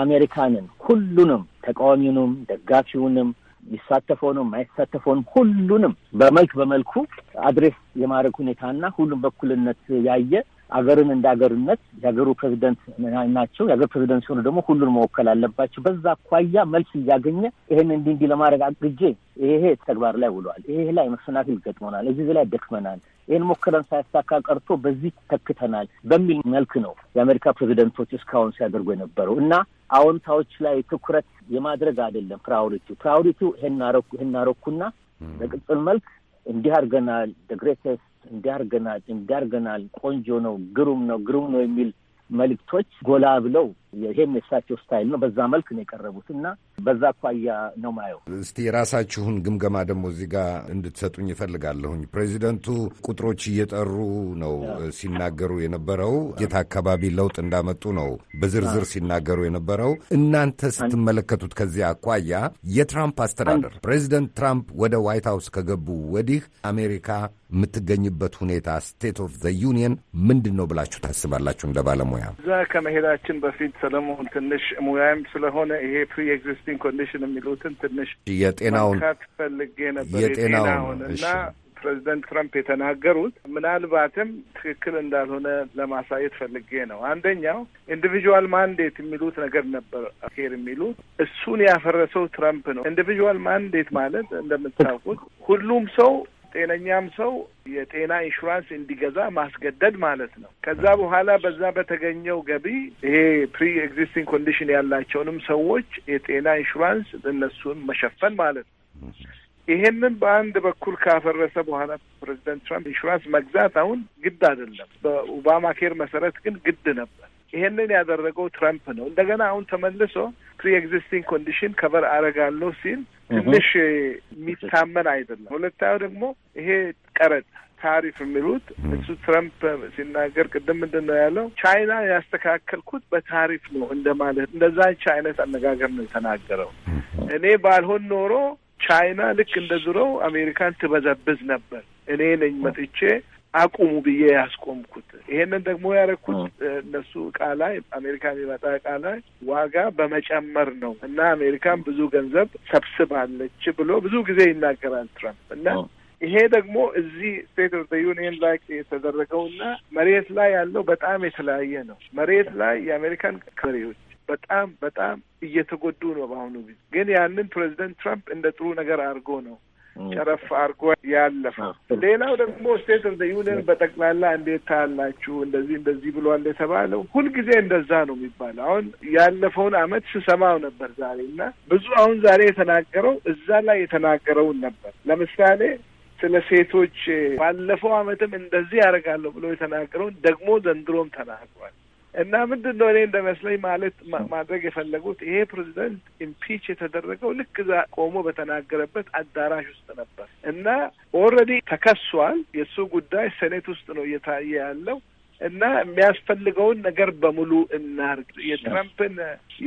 አሜሪካንን ሁሉንም ተቃዋሚውንም ደጋፊውንም የሚሳተፈውንም የማይሳተፈውንም ሁሉንም በመልክ በመልኩ አድሬስ የማድረግ ሁኔታና ሁሉም በኩልነት ያየ አገርን እንደ አገርነት የሀገሩ ፕሬዚደንት ናቸው። የሀገር ፕሬዚደንት ሲሆኑ ደግሞ ሁሉን መወከል አለባቸው። በዛ አኳያ መልስ እያገኘ ይህን እንዲህ እንዲህ ለማድረግ አግጄ ይሄ ተግባር ላይ ውሏል፣ ይሄ ላይ መሰናክል ይገጥመናል፣ እዚህ ላይ ደክመናል፣ ይህን ሞክረን ሳያሳካ ቀርቶ በዚህ ተክተናል በሚል መልክ ነው የአሜሪካ ፕሬዚደንቶች እስካሁን ሲያደርጉ የነበረው እና አዎንታዎች ላይ ትኩረት የማድረግ አይደለም ፕራዮሪቲው። ፕራዮሪቲው ይሄን አረኩ ይሄን አረኩና በቅጽል መልክ እንዲህ አድርገናል፣ ደግሬተስ እንዲያርገናል እንዲያርገናል ቆንጆ ነው፣ ግሩም ነው፣ ግሩም ነው የሚል መልእክቶች ጎላ ብለው ይሄም የሳቸው ስታይል ነው። በዛ መልክ ነው የቀረቡት እና በዛ አኳያ ነው ማየው። እስቲ የራሳችሁን ግምገማ ደግሞ እዚህ ጋር እንድትሰጡኝ ይፈልጋለሁኝ። ፕሬዚደንቱ ቁጥሮች እየጠሩ ነው ሲናገሩ የነበረው የት አካባቢ ለውጥ እንዳመጡ ነው በዝርዝር ሲናገሩ የነበረው። እናንተ ስትመለከቱት ከዚህ አኳያ የትራምፕ አስተዳደር ፕሬዚደንት ትራምፕ ወደ ዋይት ሀውስ ከገቡ ወዲህ አሜሪካ የምትገኝበት ሁኔታ ስቴት ኦፍ ዘ ዩኒየን ምንድን ነው ብላችሁ ታስባላችሁ? እንደ ባለሙያ እዛ ከመሄዳችን በፊት ሰለሞን ትንሽ ሙያም ስለሆነ ይሄ ፕሪ ኤግዚስቲንግ ኮንዲሽን የሚሉትን ትንሽ የጤናውን ፈልጌ ነበር። የጤናውን እና ፕሬዚደንት ትራምፕ የተናገሩት ምናልባትም ትክክል እንዳልሆነ ለማሳየት ፈልጌ ነው። አንደኛው ኢንዲቪዥዋል ማንዴት የሚሉት ነገር ነበር ሄር የሚሉት እሱን ያፈረሰው ትራምፕ ነው። ኢንዲቪዥዋል ማንዴት ማለት እንደምታውቁት ሁሉም ሰው ጤነኛም ሰው የጤና ኢንሹራንስ እንዲገዛ ማስገደድ ማለት ነው። ከዛ በኋላ በዛ በተገኘው ገቢ ይሄ ፕሪ ኤግዚስቲንግ ኮንዲሽን ያላቸውንም ሰዎች የጤና ኢንሹራንስ እነሱን መሸፈን ማለት ነው። ይሄንን በአንድ በኩል ካፈረሰ በኋላ ፕሬዚደንት ትራምፕ ኢንሹራንስ መግዛት አሁን ግድ አይደለም። በኦባማ ኬር መሰረት ግን ግድ ነበር። ይሄንን ያደረገው ትራምፕ ነው። እንደገና አሁን ተመልሶ ፕሪ ኤግዚስቲንግ ኮንዲሽን ከበር አረጋለሁ ሲል ትንሽ የሚታመን አይደለም። ሁለታዊ ደግሞ ይሄ ቀረጥ ታሪፍ የሚሉት እሱ ትረምፕ ሲናገር ቅድም ምንድን ነው ያለው? ቻይና ያስተካከልኩት በታሪፍ ነው እንደማለት እንደዛ አይነት አነጋገር ነው የተናገረው። እኔ ባልሆን ኖሮ ቻይና ልክ እንደ ድሮው አሜሪካን ትበዘብዝ ነበር። እኔ ነኝ መጥቼ አቁሙ ብዬ ያስቆምኩት። ይሄንን ደግሞ ያደረኩት እነሱ እቃ ላይ አሜሪካ የሚመጣ እቃ ላይ ዋጋ በመጨመር ነው እና አሜሪካን ብዙ ገንዘብ ሰብስባለች ብሎ ብዙ ጊዜ ይናገራል ትራምፕ እና ይሄ ደግሞ እዚህ ስቴት ኦፍ ዩኒየን ላይ እና መሬት ላይ ያለው በጣም የተለያየ ነው። መሬት ላይ የአሜሪካን ከሬዎች በጣም በጣም እየተጎዱ ነው። በአሁኑ ጊዜ ግን ያንን ፕሬዚደንት ትራምፕ እንደ ጥሩ ነገር አድርጎ ነው ጨረፍ አድርጎ ያለፈው። ሌላው ደግሞ ስቴት ኦፍ ዩኒየን በጠቅላላ እንዴት ታያላችሁ እንደዚህ እንደዚህ ብሏል የተባለው ሁልጊዜ እንደዛ ነው የሚባለው። አሁን ያለፈውን አመት ስሰማው ነበር ዛሬ እና ብዙ አሁን ዛሬ የተናገረው እዛ ላይ የተናገረውን ነበር። ለምሳሌ ስለ ሴቶች ባለፈው አመትም እንደዚህ ያደርጋለሁ ብሎ የተናገረውን ደግሞ ዘንድሮም ተናግሯል። እና ምንድን ነው እኔ እንደመስለኝ ማለት ማድረግ የፈለጉት ይሄ ፕሬዚደንት ኢምፒች የተደረገው ልክ እዛ ቆሞ በተናገረበት አዳራሽ ውስጥ ነበር እና ኦልሬዲ ተከሷል። የእሱ ጉዳይ ሴኔት ውስጥ ነው እየታየ ያለው እና የሚያስፈልገውን ነገር በሙሉ እናርግ። የትራምፕን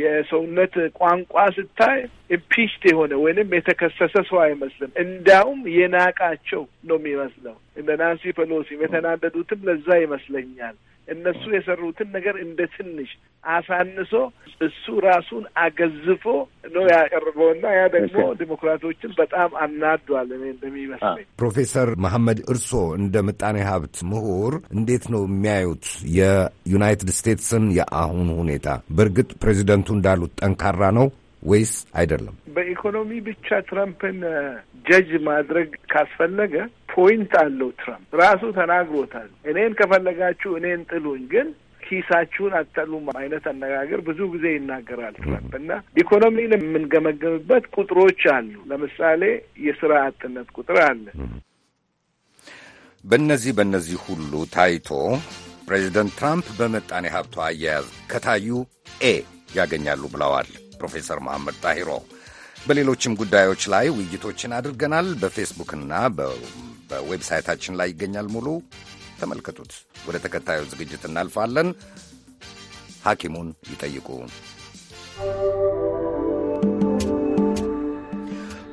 የሰውነት ቋንቋ ስታይ ኢምፒችድ የሆነ ወይንም የተከሰሰ ሰው አይመስልም። እንዲያውም የናቃቸው ነው የሚመስለው። እንደ ናንሲ ፔሎሲም የተናደዱትም ለዛ ይመስለኛል። እነሱ የሰሩትን ነገር እንደ ትንሽ አሳንሶ እሱ ራሱን አገዝፎ ነው እና ያ ደግሞ ዲሞክራቶችን በጣም አናዷል። እኔ እንደሚመስለኝ ፕሮፌሰር መሐመድ እርሶ እንደ ምጣኔ ሀብት ምሁር እንዴት ነው የሚያዩት የዩናይትድ ስቴትስን የአሁኑ ሁኔታ? በእርግጥ ፕሬዚደንቱ እንዳሉት ጠንካራ ነው ወይስ አይደለም? በኢኮኖሚ ብቻ ትራምፕን ጀጅ ማድረግ ካስፈለገ ፖይንት አለው። ትራምፕ ራሱ ተናግሮታል። እኔን ከፈለጋችሁ እኔን ጥሉኝ፣ ግን ኪሳችሁን አትጠሉም አይነት አነጋገር ብዙ ጊዜ ይናገራል ትራምፕ እና ኢኮኖሚን የምንገመገምበት ቁጥሮች አሉ። ለምሳሌ የስራ አጥነት ቁጥር አለ። በእነዚህ በእነዚህ ሁሉ ታይቶ ፕሬዚደንት ትራምፕ በመጣኔ ሀብቷ አያያዝ ከታዩ ኤ ያገኛሉ ብለዋል። ፕሮፌሰር መሐመድ ጣሂሮ። በሌሎችም ጉዳዮች ላይ ውይይቶችን አድርገናል። በፌስቡክና በዌብሳይታችን ላይ ይገኛል። ሙሉ ተመልከቱት። ወደ ተከታዩ ዝግጅት እናልፋለን። ሐኪሙን ይጠይቁ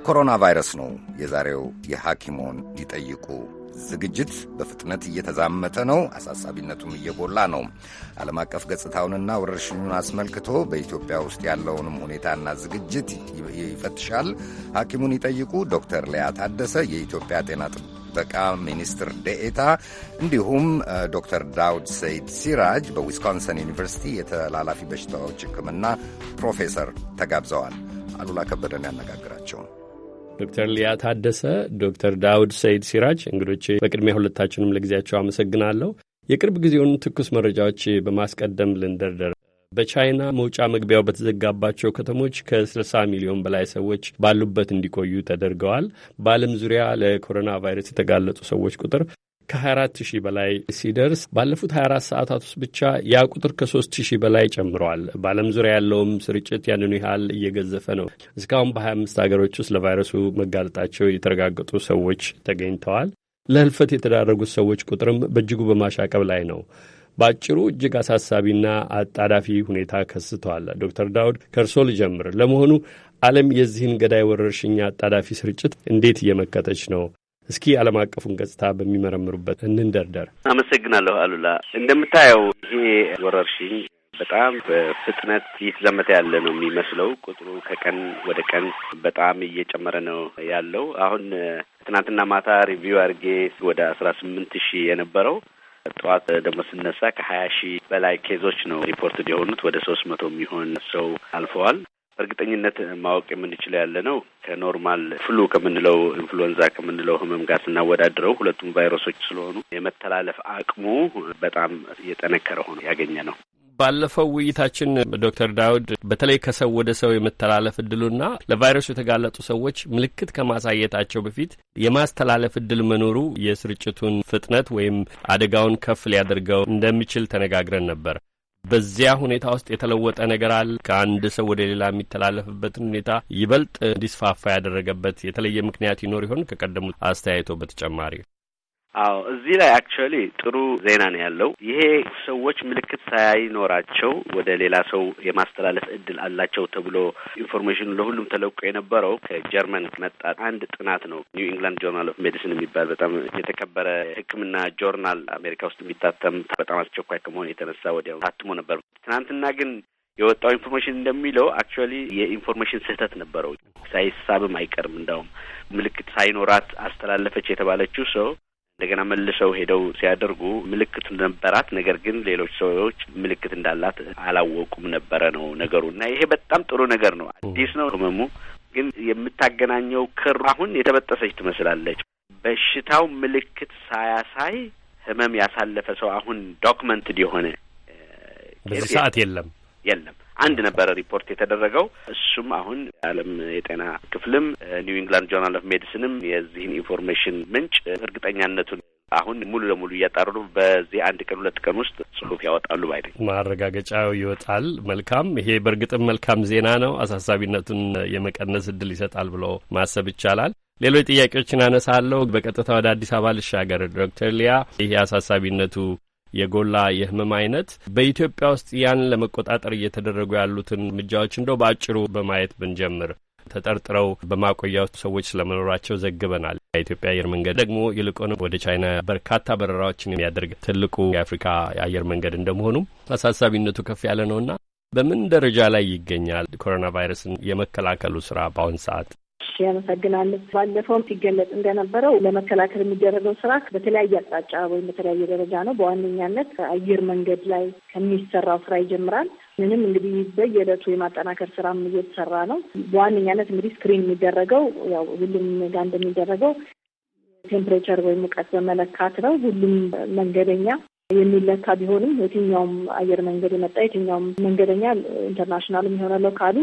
ኮሮና ቫይረስ ነው የዛሬው የሐኪሙን ይጠይቁ ዝግጅት በፍጥነት እየተዛመተ ነው፣ አሳሳቢነቱም እየጎላ ነው። ዓለም አቀፍ ገጽታውንና ወረርሽኙን አስመልክቶ በኢትዮጵያ ውስጥ ያለውንም ሁኔታና ዝግጅት ይፈትሻል። ሐኪሙን ይጠይቁ ዶክተር ሊያ ታደሰ የኢትዮጵያ ጤና ጥበቃ ሚኒስትር ደኤታ፣ እንዲሁም ዶክተር ዳውድ ሰይድ ሲራጅ በዊስኮንሰን ዩኒቨርሲቲ የተላላፊ በሽታዎች ሕክምና ፕሮፌሰር ተጋብዘዋል። አሉላ ከበደን ያነጋግራቸው ዶክተር ሊያ ታደሰ፣ ዶክተር ዳውድ ሰይድ ሲራጅ እንግዶቼ፣ በቅድሚያ ሁለታችሁንም ለጊዜያቸው አመሰግናለሁ። የቅርብ ጊዜውን ትኩስ መረጃዎች በማስቀደም ልንደርደር። በቻይና መውጫ መግቢያው በተዘጋባቸው ከተሞች ከ60 ሚሊዮን በላይ ሰዎች ባሉበት እንዲቆዩ ተደርገዋል። በዓለም ዙሪያ ለኮሮና ቫይረስ የተጋለጡ ሰዎች ቁጥር ከ24 ሺህ በላይ ሲደርስ ባለፉት 24 ሰዓታት ውስጥ ብቻ ያ ቁጥር ከ3 ሺህ በላይ ጨምረዋል። በዓለም ዙሪያ ያለውም ስርጭት ያንኑ ያህል እየገዘፈ ነው። እስካሁን በ25 ሀገሮች ውስጥ ለቫይረሱ መጋለጣቸው የተረጋገጡ ሰዎች ተገኝተዋል። ለህልፈት የተዳረጉት ሰዎች ቁጥርም በእጅጉ በማሻቀብ ላይ ነው። በአጭሩ እጅግ አሳሳቢና አጣዳፊ ሁኔታ ከስተዋል። ዶክተር ዳውድ ከእርሶ ልጀምር። ለመሆኑ ዓለም የዚህን ገዳይ ወረርሽኛ አጣዳፊ ስርጭት እንዴት እየመከተች ነው? እስኪ ዓለም አቀፉን ገጽታ በሚመረምሩበት እንንደርደር። አመሰግናለሁ አሉላ። እንደምታየው ይሄ ወረርሽኝ በጣም በፍጥነት እየተዘመተ ያለ ነው የሚመስለው። ቁጥሩ ከቀን ወደ ቀን በጣም እየጨመረ ነው ያለው። አሁን ትናንትና ማታ ሪቪው አድርጌ ወደ አስራ ስምንት ሺህ የነበረው ጠዋት ደግሞ ስነሳ ከሀያ ሺህ በላይ ኬዞች ነው ሪፖርት የሆኑት። ወደ ሶስት መቶ የሚሆን ሰው አልፈዋል። በእርግጠኝነት ማወቅ የምንችለው ያለ ነው ከኖርማል ፍሉ ከምንለው ኢንፍሉዌንዛ ከምንለው ህመም ጋር ስናወዳድረው ሁለቱም ቫይረሶች ስለሆኑ የመተላለፍ አቅሙ በጣም እየጠነከረ ሆኖ ያገኘ ነው። ባለፈው ውይይታችን ዶክተር ዳውድ በተለይ ከሰው ወደ ሰው የመተላለፍ እድሉና ለቫይረሱ የተጋለጡ ሰዎች ምልክት ከማሳየታቸው በፊት የማስተላለፍ እድል መኖሩ የስርጭቱን ፍጥነት ወይም አደጋውን ከፍ ሊያደርገው እንደሚችል ተነጋግረን ነበር። በዚያ ሁኔታ ውስጥ የተለወጠ ነገር አለ? ከአንድ ሰው ወደ ሌላ የሚተላለፍበትን ሁኔታ ይበልጥ እንዲስፋፋ ያደረገበት የተለየ ምክንያት ይኖር ይሆን? ከቀደሙ አስተያየቶ በተጨማሪ አዎ እዚህ ላይ አክቹዋሊ ጥሩ ዜና ነው ያለው። ይሄ ሰዎች ምልክት ሳይኖራቸው ወደ ሌላ ሰው የማስተላለፍ እድል አላቸው ተብሎ ኢንፎርሜሽኑ ለሁሉም ተለቆ የነበረው ከጀርመን መጣ አንድ ጥናት ነው። ኒው ኢንግላንድ ጆርናል ኦፍ ሜዲሲን የሚባል በጣም የተከበረ ሕክምና ጆርናል አሜሪካ ውስጥ የሚታተም በጣም አስቸኳይ ከመሆኑ የተነሳ ወዲያው ታትሞ ነበር። ትናንትና ግን የወጣው ኢንፎርሜሽን እንደሚለው አክቹዋሊ የኢንፎርሜሽን ስህተት ነበረው። ሳይሳብም አይቀርም። እንዳውም ምልክት ሳይኖራት አስተላለፈች የተባለችው ሰው እንደገና መልሰው ሄደው ሲያደርጉ ምልክት ነበራት። ነገር ግን ሌሎች ሰዎች ምልክት እንዳላት አላወቁም ነበረ ነው ነገሩ እና ይሄ በጣም ጥሩ ነገር ነው። አዲስ ነው ህመሙ፣ ግን የምታገናኘው ክር አሁን የተበጠሰች ትመስላለች። በሽታው ምልክት ሳያሳይ ህመም ያሳለፈ ሰው አሁን ዶክመንትድ የሆነ በዚህ ሰዓት የለም የለም አንድ ነበረ ሪፖርት የተደረገው። እሱም አሁን የዓለም የጤና ክፍልም ኒው ኢንግላንድ ጆርናል ኦፍ ሜዲሲንም የዚህን ኢንፎርሜሽን ምንጭ እርግጠኛነቱን አሁን ሙሉ ለሙሉ እያጣሩ ነው። በዚህ አንድ ቀን ሁለት ቀን ውስጥ ጽሁፍ ያወጣሉ ባይ ማረጋገጫው ይወጣል። መልካም። ይሄ በእርግጥም መልካም ዜና ነው። አሳሳቢነቱን የመቀነስ እድል ይሰጣል ብሎ ማሰብ ይቻላል። ሌሎች ጥያቄዎችን አነሳለሁ። በቀጥታ ወደ አዲስ አበባ ልሻገር። ዶክተር ሊያ ይሄ አሳሳቢነቱ የጎላ የህመም አይነት በኢትዮጵያ ውስጥ ያን ለመቆጣጠር እየተደረጉ ያሉትን እርምጃዎች እንደው በአጭሩ በማየት ብንጀምር ተጠርጥረው በማቆያ ውስጥ ሰዎች ስለመኖራቸው ዘግበናል። የኢትዮጵያ አየር መንገድ ደግሞ ይልቁንም ወደ ቻይና በርካታ በረራዎችን የሚያደርግ ትልቁ የአፍሪካ አየር መንገድ እንደመሆኑም አሳሳቢነቱ ከፍ ያለ ነውና በምን ደረጃ ላይ ይገኛል ኮሮና ቫይረስን የመከላከሉ ስራ በአሁን ሰዓት? እሺ፣ አመሰግናለሁ። ባለፈውም ሲገለጽ እንደነበረው ለመከላከል የሚደረገው ስራ በተለያየ አቅጣጫ ወይም በተለያየ ደረጃ ነው። በዋነኛነት አየር መንገድ ላይ ከሚሰራው ስራ ይጀምራል። ምንም እንግዲህ በየዕለቱ የማጠናከር ስራም እየተሰራ ነው። በዋነኛነት እንግዲህ ስክሪን የሚደረገው ያው ሁሉም ጋር እንደሚደረገው ቴምፕሬቸር ወይም ሙቀት በመለካት ነው። ሁሉም መንገደኛ የሚለካ ቢሆንም የትኛውም አየር መንገድ የመጣ የትኛውም መንገደኛ ኢንተርናሽናልም የሆነ ሎካሉ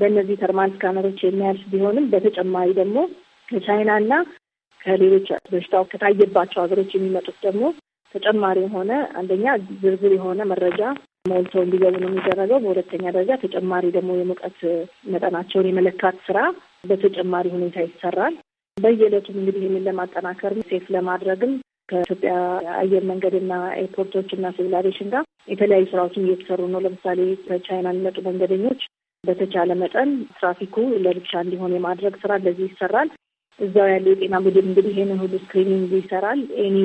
በእነዚህ ተርማል ስካነሮች የሚያልፍ ቢሆንም በተጨማሪ ደግሞ ከቻይና እና ከሌሎች በሽታው ከታየባቸው ሀገሮች የሚመጡት ደግሞ ተጨማሪ የሆነ አንደኛ ዝርዝር የሆነ መረጃ ሞልተው እንዲገቡ ነው የሚደረገው። በሁለተኛ ደረጃ ተጨማሪ ደግሞ የሙቀት መጠናቸውን የመለካት ስራ በተጨማሪ ሁኔታ ይሰራል። በየዕለቱም እንግዲህ ይህንን ለማጠናከር ሴፍ ለማድረግም ከኢትዮጵያ አየር መንገድና ኤርፖርቶች እና ሲቪል አቪዬሽን ጋር የተለያዩ ስራዎችን እየተሰሩ ነው። ለምሳሌ ከቻይና የሚመጡ መንገደኞች በተቻለ መጠን ትራፊኩ ለብቻ እንዲሆን የማድረግ ስራ እንደዚህ ይሰራል። እዛው ያለው የጤና ቡድን እንግዲህ ይህንን ሁሉ ስክሪኒንግ ይሰራል። ኤኒ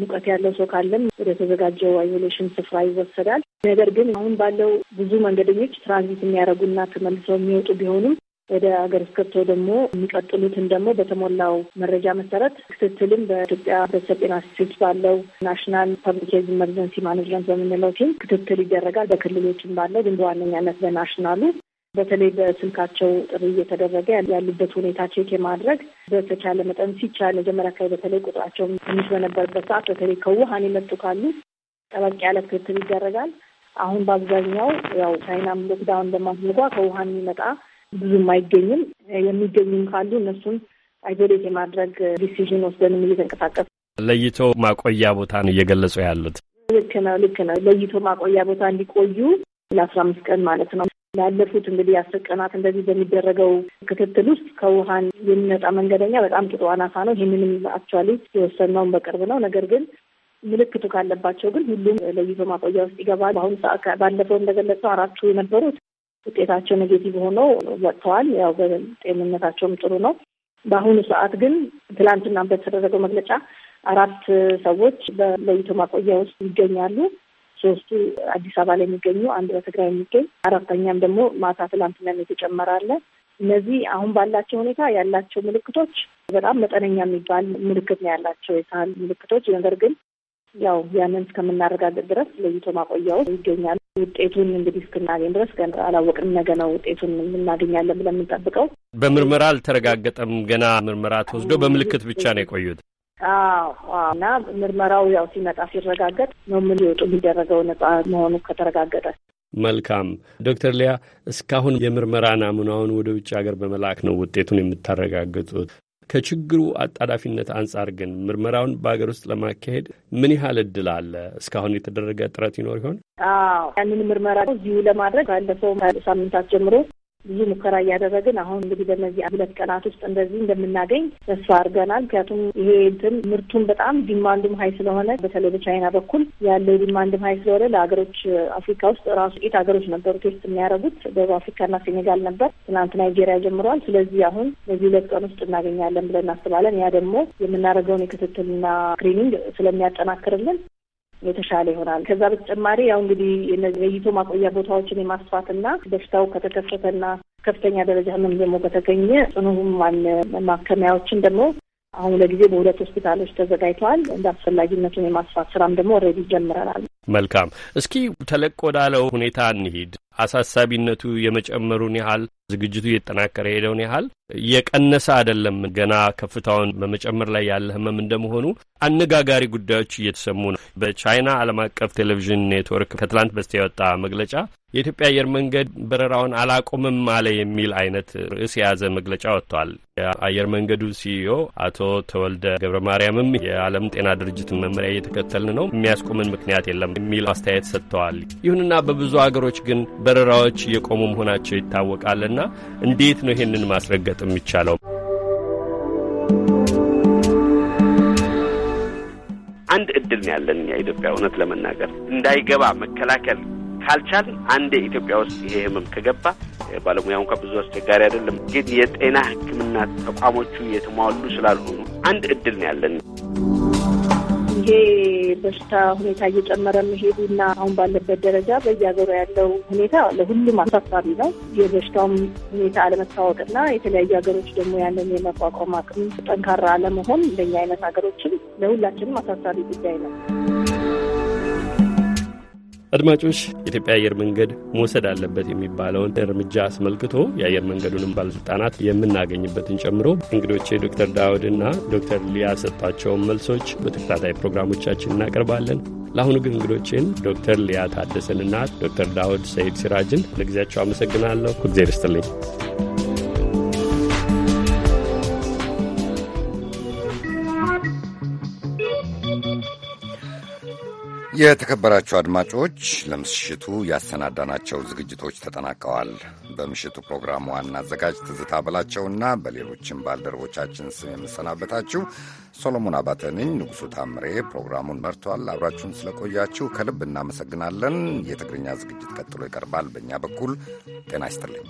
ሙቀት ያለው ሰው ካለም ወደ ተዘጋጀው አይሶሌሽን ስፍራ ይወሰዳል። ነገር ግን አሁን ባለው ብዙ መንገደኞች ትራንዚት የሚያደርጉና ተመልሰው የሚወጡ ቢሆኑም ወደ ሀገር ውስጥ ደግሞ የሚቀጥሉትን ደግሞ በተሞላው መረጃ መሰረት ክትትልም በኢትዮጵያ ሕብረተሰብ ጤና ኢንስቲትዩት ባለው ናሽናል ፐብሊክ ሄልዝ ኢመርጀንሲ ማኔጅመንት በምንለው ቲም ክትትል ይደረጋል። በክልሎችም ባለው ግን በዋነኛነት በናሽናሉ በተለይ በስልካቸው ጥሪ እየተደረገ ያሉበት ሁኔታ ቼክ የማድረግ በተቻለ መጠን ሲቻል መጀመሪያ ካ በተለይ ቁጥራቸው ትንሽ በነበረበት ሰዓት በተለይ ከውሃን የመጡ ካሉ ጠበቅ ያለ ክትትል ይደረጋል። አሁን በአብዛኛው ያው ቻይናም ሎክዳውን እንደማትንጓ ከውሃን የሚመጣ ብዙም አይገኝም። የሚገኙም ካሉ እነሱን አይዞሌት የማድረግ ዲሲዥን ወስደንም እየተንቀሳቀስ ለይቶ ማቆያ ቦታ ነው እየገለጹ ያሉት። ልክ ነው፣ ልክ ነው። ለይቶ ማቆያ ቦታ እንዲቆዩ ለአስራ አምስት ቀን ማለት ነው ላለፉት እንግዲህ አስር ቀናት እንደዚህ በሚደረገው ክትትል ውስጥ ከውሃን የሚመጣ መንገደኛ በጣም ጥሩ አናሳ ነው። ይህንንም አክቹዋሊ የወሰንነውን በቅርብ ነው። ነገር ግን ምልክቱ ካለባቸው ግን ሁሉም ለይቶ ማቆያ ውስጥ ይገባል። በአሁኑ ሰዓት ባለፈው እንደገለጸው አራቱ የነበሩት ውጤታቸው ኔጌቲቭ ሆነው ወጥተዋል። ያው በጤንነታቸውም ጥሩ ነው። በአሁኑ ሰዓት ግን ትላንትና በተደረገው መግለጫ አራት ሰዎች በለይቶ ማቆያ ውስጥ ይገኛሉ። ሶስቱ አዲስ አበባ ላይ የሚገኙ አንድ በትግራይ የሚገኝ አራተኛም ደግሞ ማታ ትላንትናም የተጨመረ አለ። እነዚህ አሁን ባላቸው ሁኔታ ያላቸው ምልክቶች በጣም መጠነኛ የሚባል ምልክት ነው ያላቸው የሳህል ምልክቶች። ነገር ግን ያው ያንን እስከምናረጋግጥ ድረስ ለይቶ ማቆያ ውስጥ ይገኛሉ። ውጤቱን እንግዲህ እስክናገኝ ድረስ ገና አላወቅንም። ነገ ነው ውጤቱን እናገኛለን ብለን የምንጠብቀው። በምርመራ አልተረጋገጠም። ገና ምርመራ ተወስዶ በምልክት ብቻ ነው የቆዩት። እና ምርመራው ያው ሲመጣ ሲረጋገጥ ነው ምን ሊወጡ የሚደረገው ነጻ መሆኑ ከተረጋገጠ። መልካም ዶክተር ሊያ እስካሁን የምርመራ ናሙናውን ወደ ውጭ ሀገር በመላክ ነው ውጤቱን የምታረጋግጡት። ከችግሩ አጣዳፊነት አንጻር ግን ምርመራውን በሀገር ውስጥ ለማካሄድ ምን ያህል እድል አለ? እስካሁን የተደረገ ጥረት ይኖር ይሆን? አዎ ያንን ምርመራ እዚሁ ለማድረግ ባለፈው ሳምንታት ጀምሮ ብዙ ሙከራ እያደረግን አሁን እንግዲህ በነዚህ ሁለት ቀናት ውስጥ እንደዚህ እንደምናገኝ ተስፋ አድርገናል። ምክንያቱም ይሄ እንትን ምርቱን በጣም ዲማንዱም ሀይ ስለሆነ በተለይ በቻይና በኩል ያለው ዲማንድም ሀይ ስለሆነ ለሀገሮች አፍሪካ ውስጥ ራሱ ጥቂት ሀገሮች ነበሩ ቴስት የሚያደርጉት ደቡብ አፍሪካና ሴኔጋል ነበር። ትናንት ናይጄሪያ ጀምረዋል። ስለዚህ አሁን በዚህ ሁለት ቀን ውስጥ እናገኛለን ብለን እናስባለን። ያ ደግሞ የምናደርገውን የክትትልና ስክሪኒንግ ስለሚያጠናክርልን የተሻለ ይሆናል። ከዛ በተጨማሪ ያው እንግዲህ ለይቶ ማቆያ ቦታዎችን የማስፋትና በሽታው ከተከሰተና ከፍተኛ ደረጃ ህመም ደግሞ ከተገኘ ጽኑ ህሙማን ማከሚያዎችን ደግሞ አሁን ለጊዜ በሁለት ሆስፒታሎች ተዘጋጅተዋል። እንደ አስፈላጊነቱን የማስፋት ስራም ደግሞ ኦልሬዲ ጀምረናል። መልካም። እስኪ ተለቅ ወዳለው ሁኔታ እንሂድ። አሳሳቢነቱ የመጨመሩን ያህል ዝግጅቱ እየተጠናከረ ሄደውን ያህል የቀነሰ አይደለም። ገና ከፍታውን በመጨመር ላይ ያለ ህመም እንደመሆኑ አነጋጋሪ ጉዳዮች እየተሰሙ ነው። በቻይና ዓለም አቀፍ ቴሌቪዥን ኔትወርክ ከትላንት በስቲያ የወጣ መግለጫ የኢትዮጵያ አየር መንገድ በረራውን አላቆምም አለ የሚል አይነት ርዕስ የያዘ መግለጫ ወጥቷል። የአየር መንገዱ ሲኢኦ አቶ ተወልደ ገብረ ማርያምም የዓለም ጤና ድርጅትን መመሪያ እየተከተልን ነው፣ የሚያስቆምን ምክንያት የለም የሚል አስተያየት ሰጥተዋል። ይሁንና በብዙ አገሮች ግን በ በረራዎች የቆሙ መሆናቸው ይታወቃልና እንዴት ነው ይሄንን ማስረገጥ የሚቻለው? አንድ እድል ነው ያለን የኢትዮጵያ እውነት ለመናገር እንዳይገባ መከላከል ካልቻል አንድ የኢትዮጵያ ውስጥ ይሄ ህመም ከገባ ባለሙያ እንኳ ብዙ አስቸጋሪ አይደለም፣ ግን የጤና ሕክምና ተቋሞቹ የተሟሉ ስላልሆኑ አንድ እድል ነው ያለን። በሽታ ሁኔታ እየጨመረ መሄዱ እና አሁን ባለበት ደረጃ በየሀገሩ ያለው ሁኔታ ለሁሉም አሳሳቢ ነው። የበሽታውም ሁኔታ አለመታወቅና የተለያዩ ሀገሮች ደግሞ ያለን የመቋቋም አቅም ጠንካራ አለመሆን ለእኛ አይነት ሀገሮችም ለሁላችንም አሳሳቢ ጉዳይ ነው። አድማጮች የኢትዮጵያ አየር መንገድ መውሰድ አለበት የሚባለውን እርምጃ አስመልክቶ የአየር መንገዱንም ባለስልጣናት የምናገኝበትን ጨምሮ እንግዶቼ ዶክተር እና ዶክተር ሊያ ሰጧቸውን መልሶች በተከታታይ ፕሮግራሞቻችን እናቀርባለን። ለአሁኑ ግን እንግዶቼን ዶክተር ሊያ ታደሰንና ዶክተር ዳውድ ሰይድ ሲራጅን ለጊዜያቸው አመሰግናለሁ። እግዜር ይስጥልኝ። የተከበራችሁ አድማጮች ለምሽቱ ያሰናዳናቸው ዝግጅቶች ተጠናቀዋል። በምሽቱ ፕሮግራም ዋና አዘጋጅ ትዝታ በላቸውና በሌሎችም ባልደረቦቻችን ስም የምሰናበታችሁ ሶሎሞን አባተ ነኝ። ንጉሡ ታምሬ ፕሮግራሙን መርቷል። አብራችሁን ስለቆያችሁ ከልብ እናመሰግናለን። የትግርኛ ዝግጅት ቀጥሎ ይቀርባል። በእኛ በኩል ጤና ይስጥልኝ።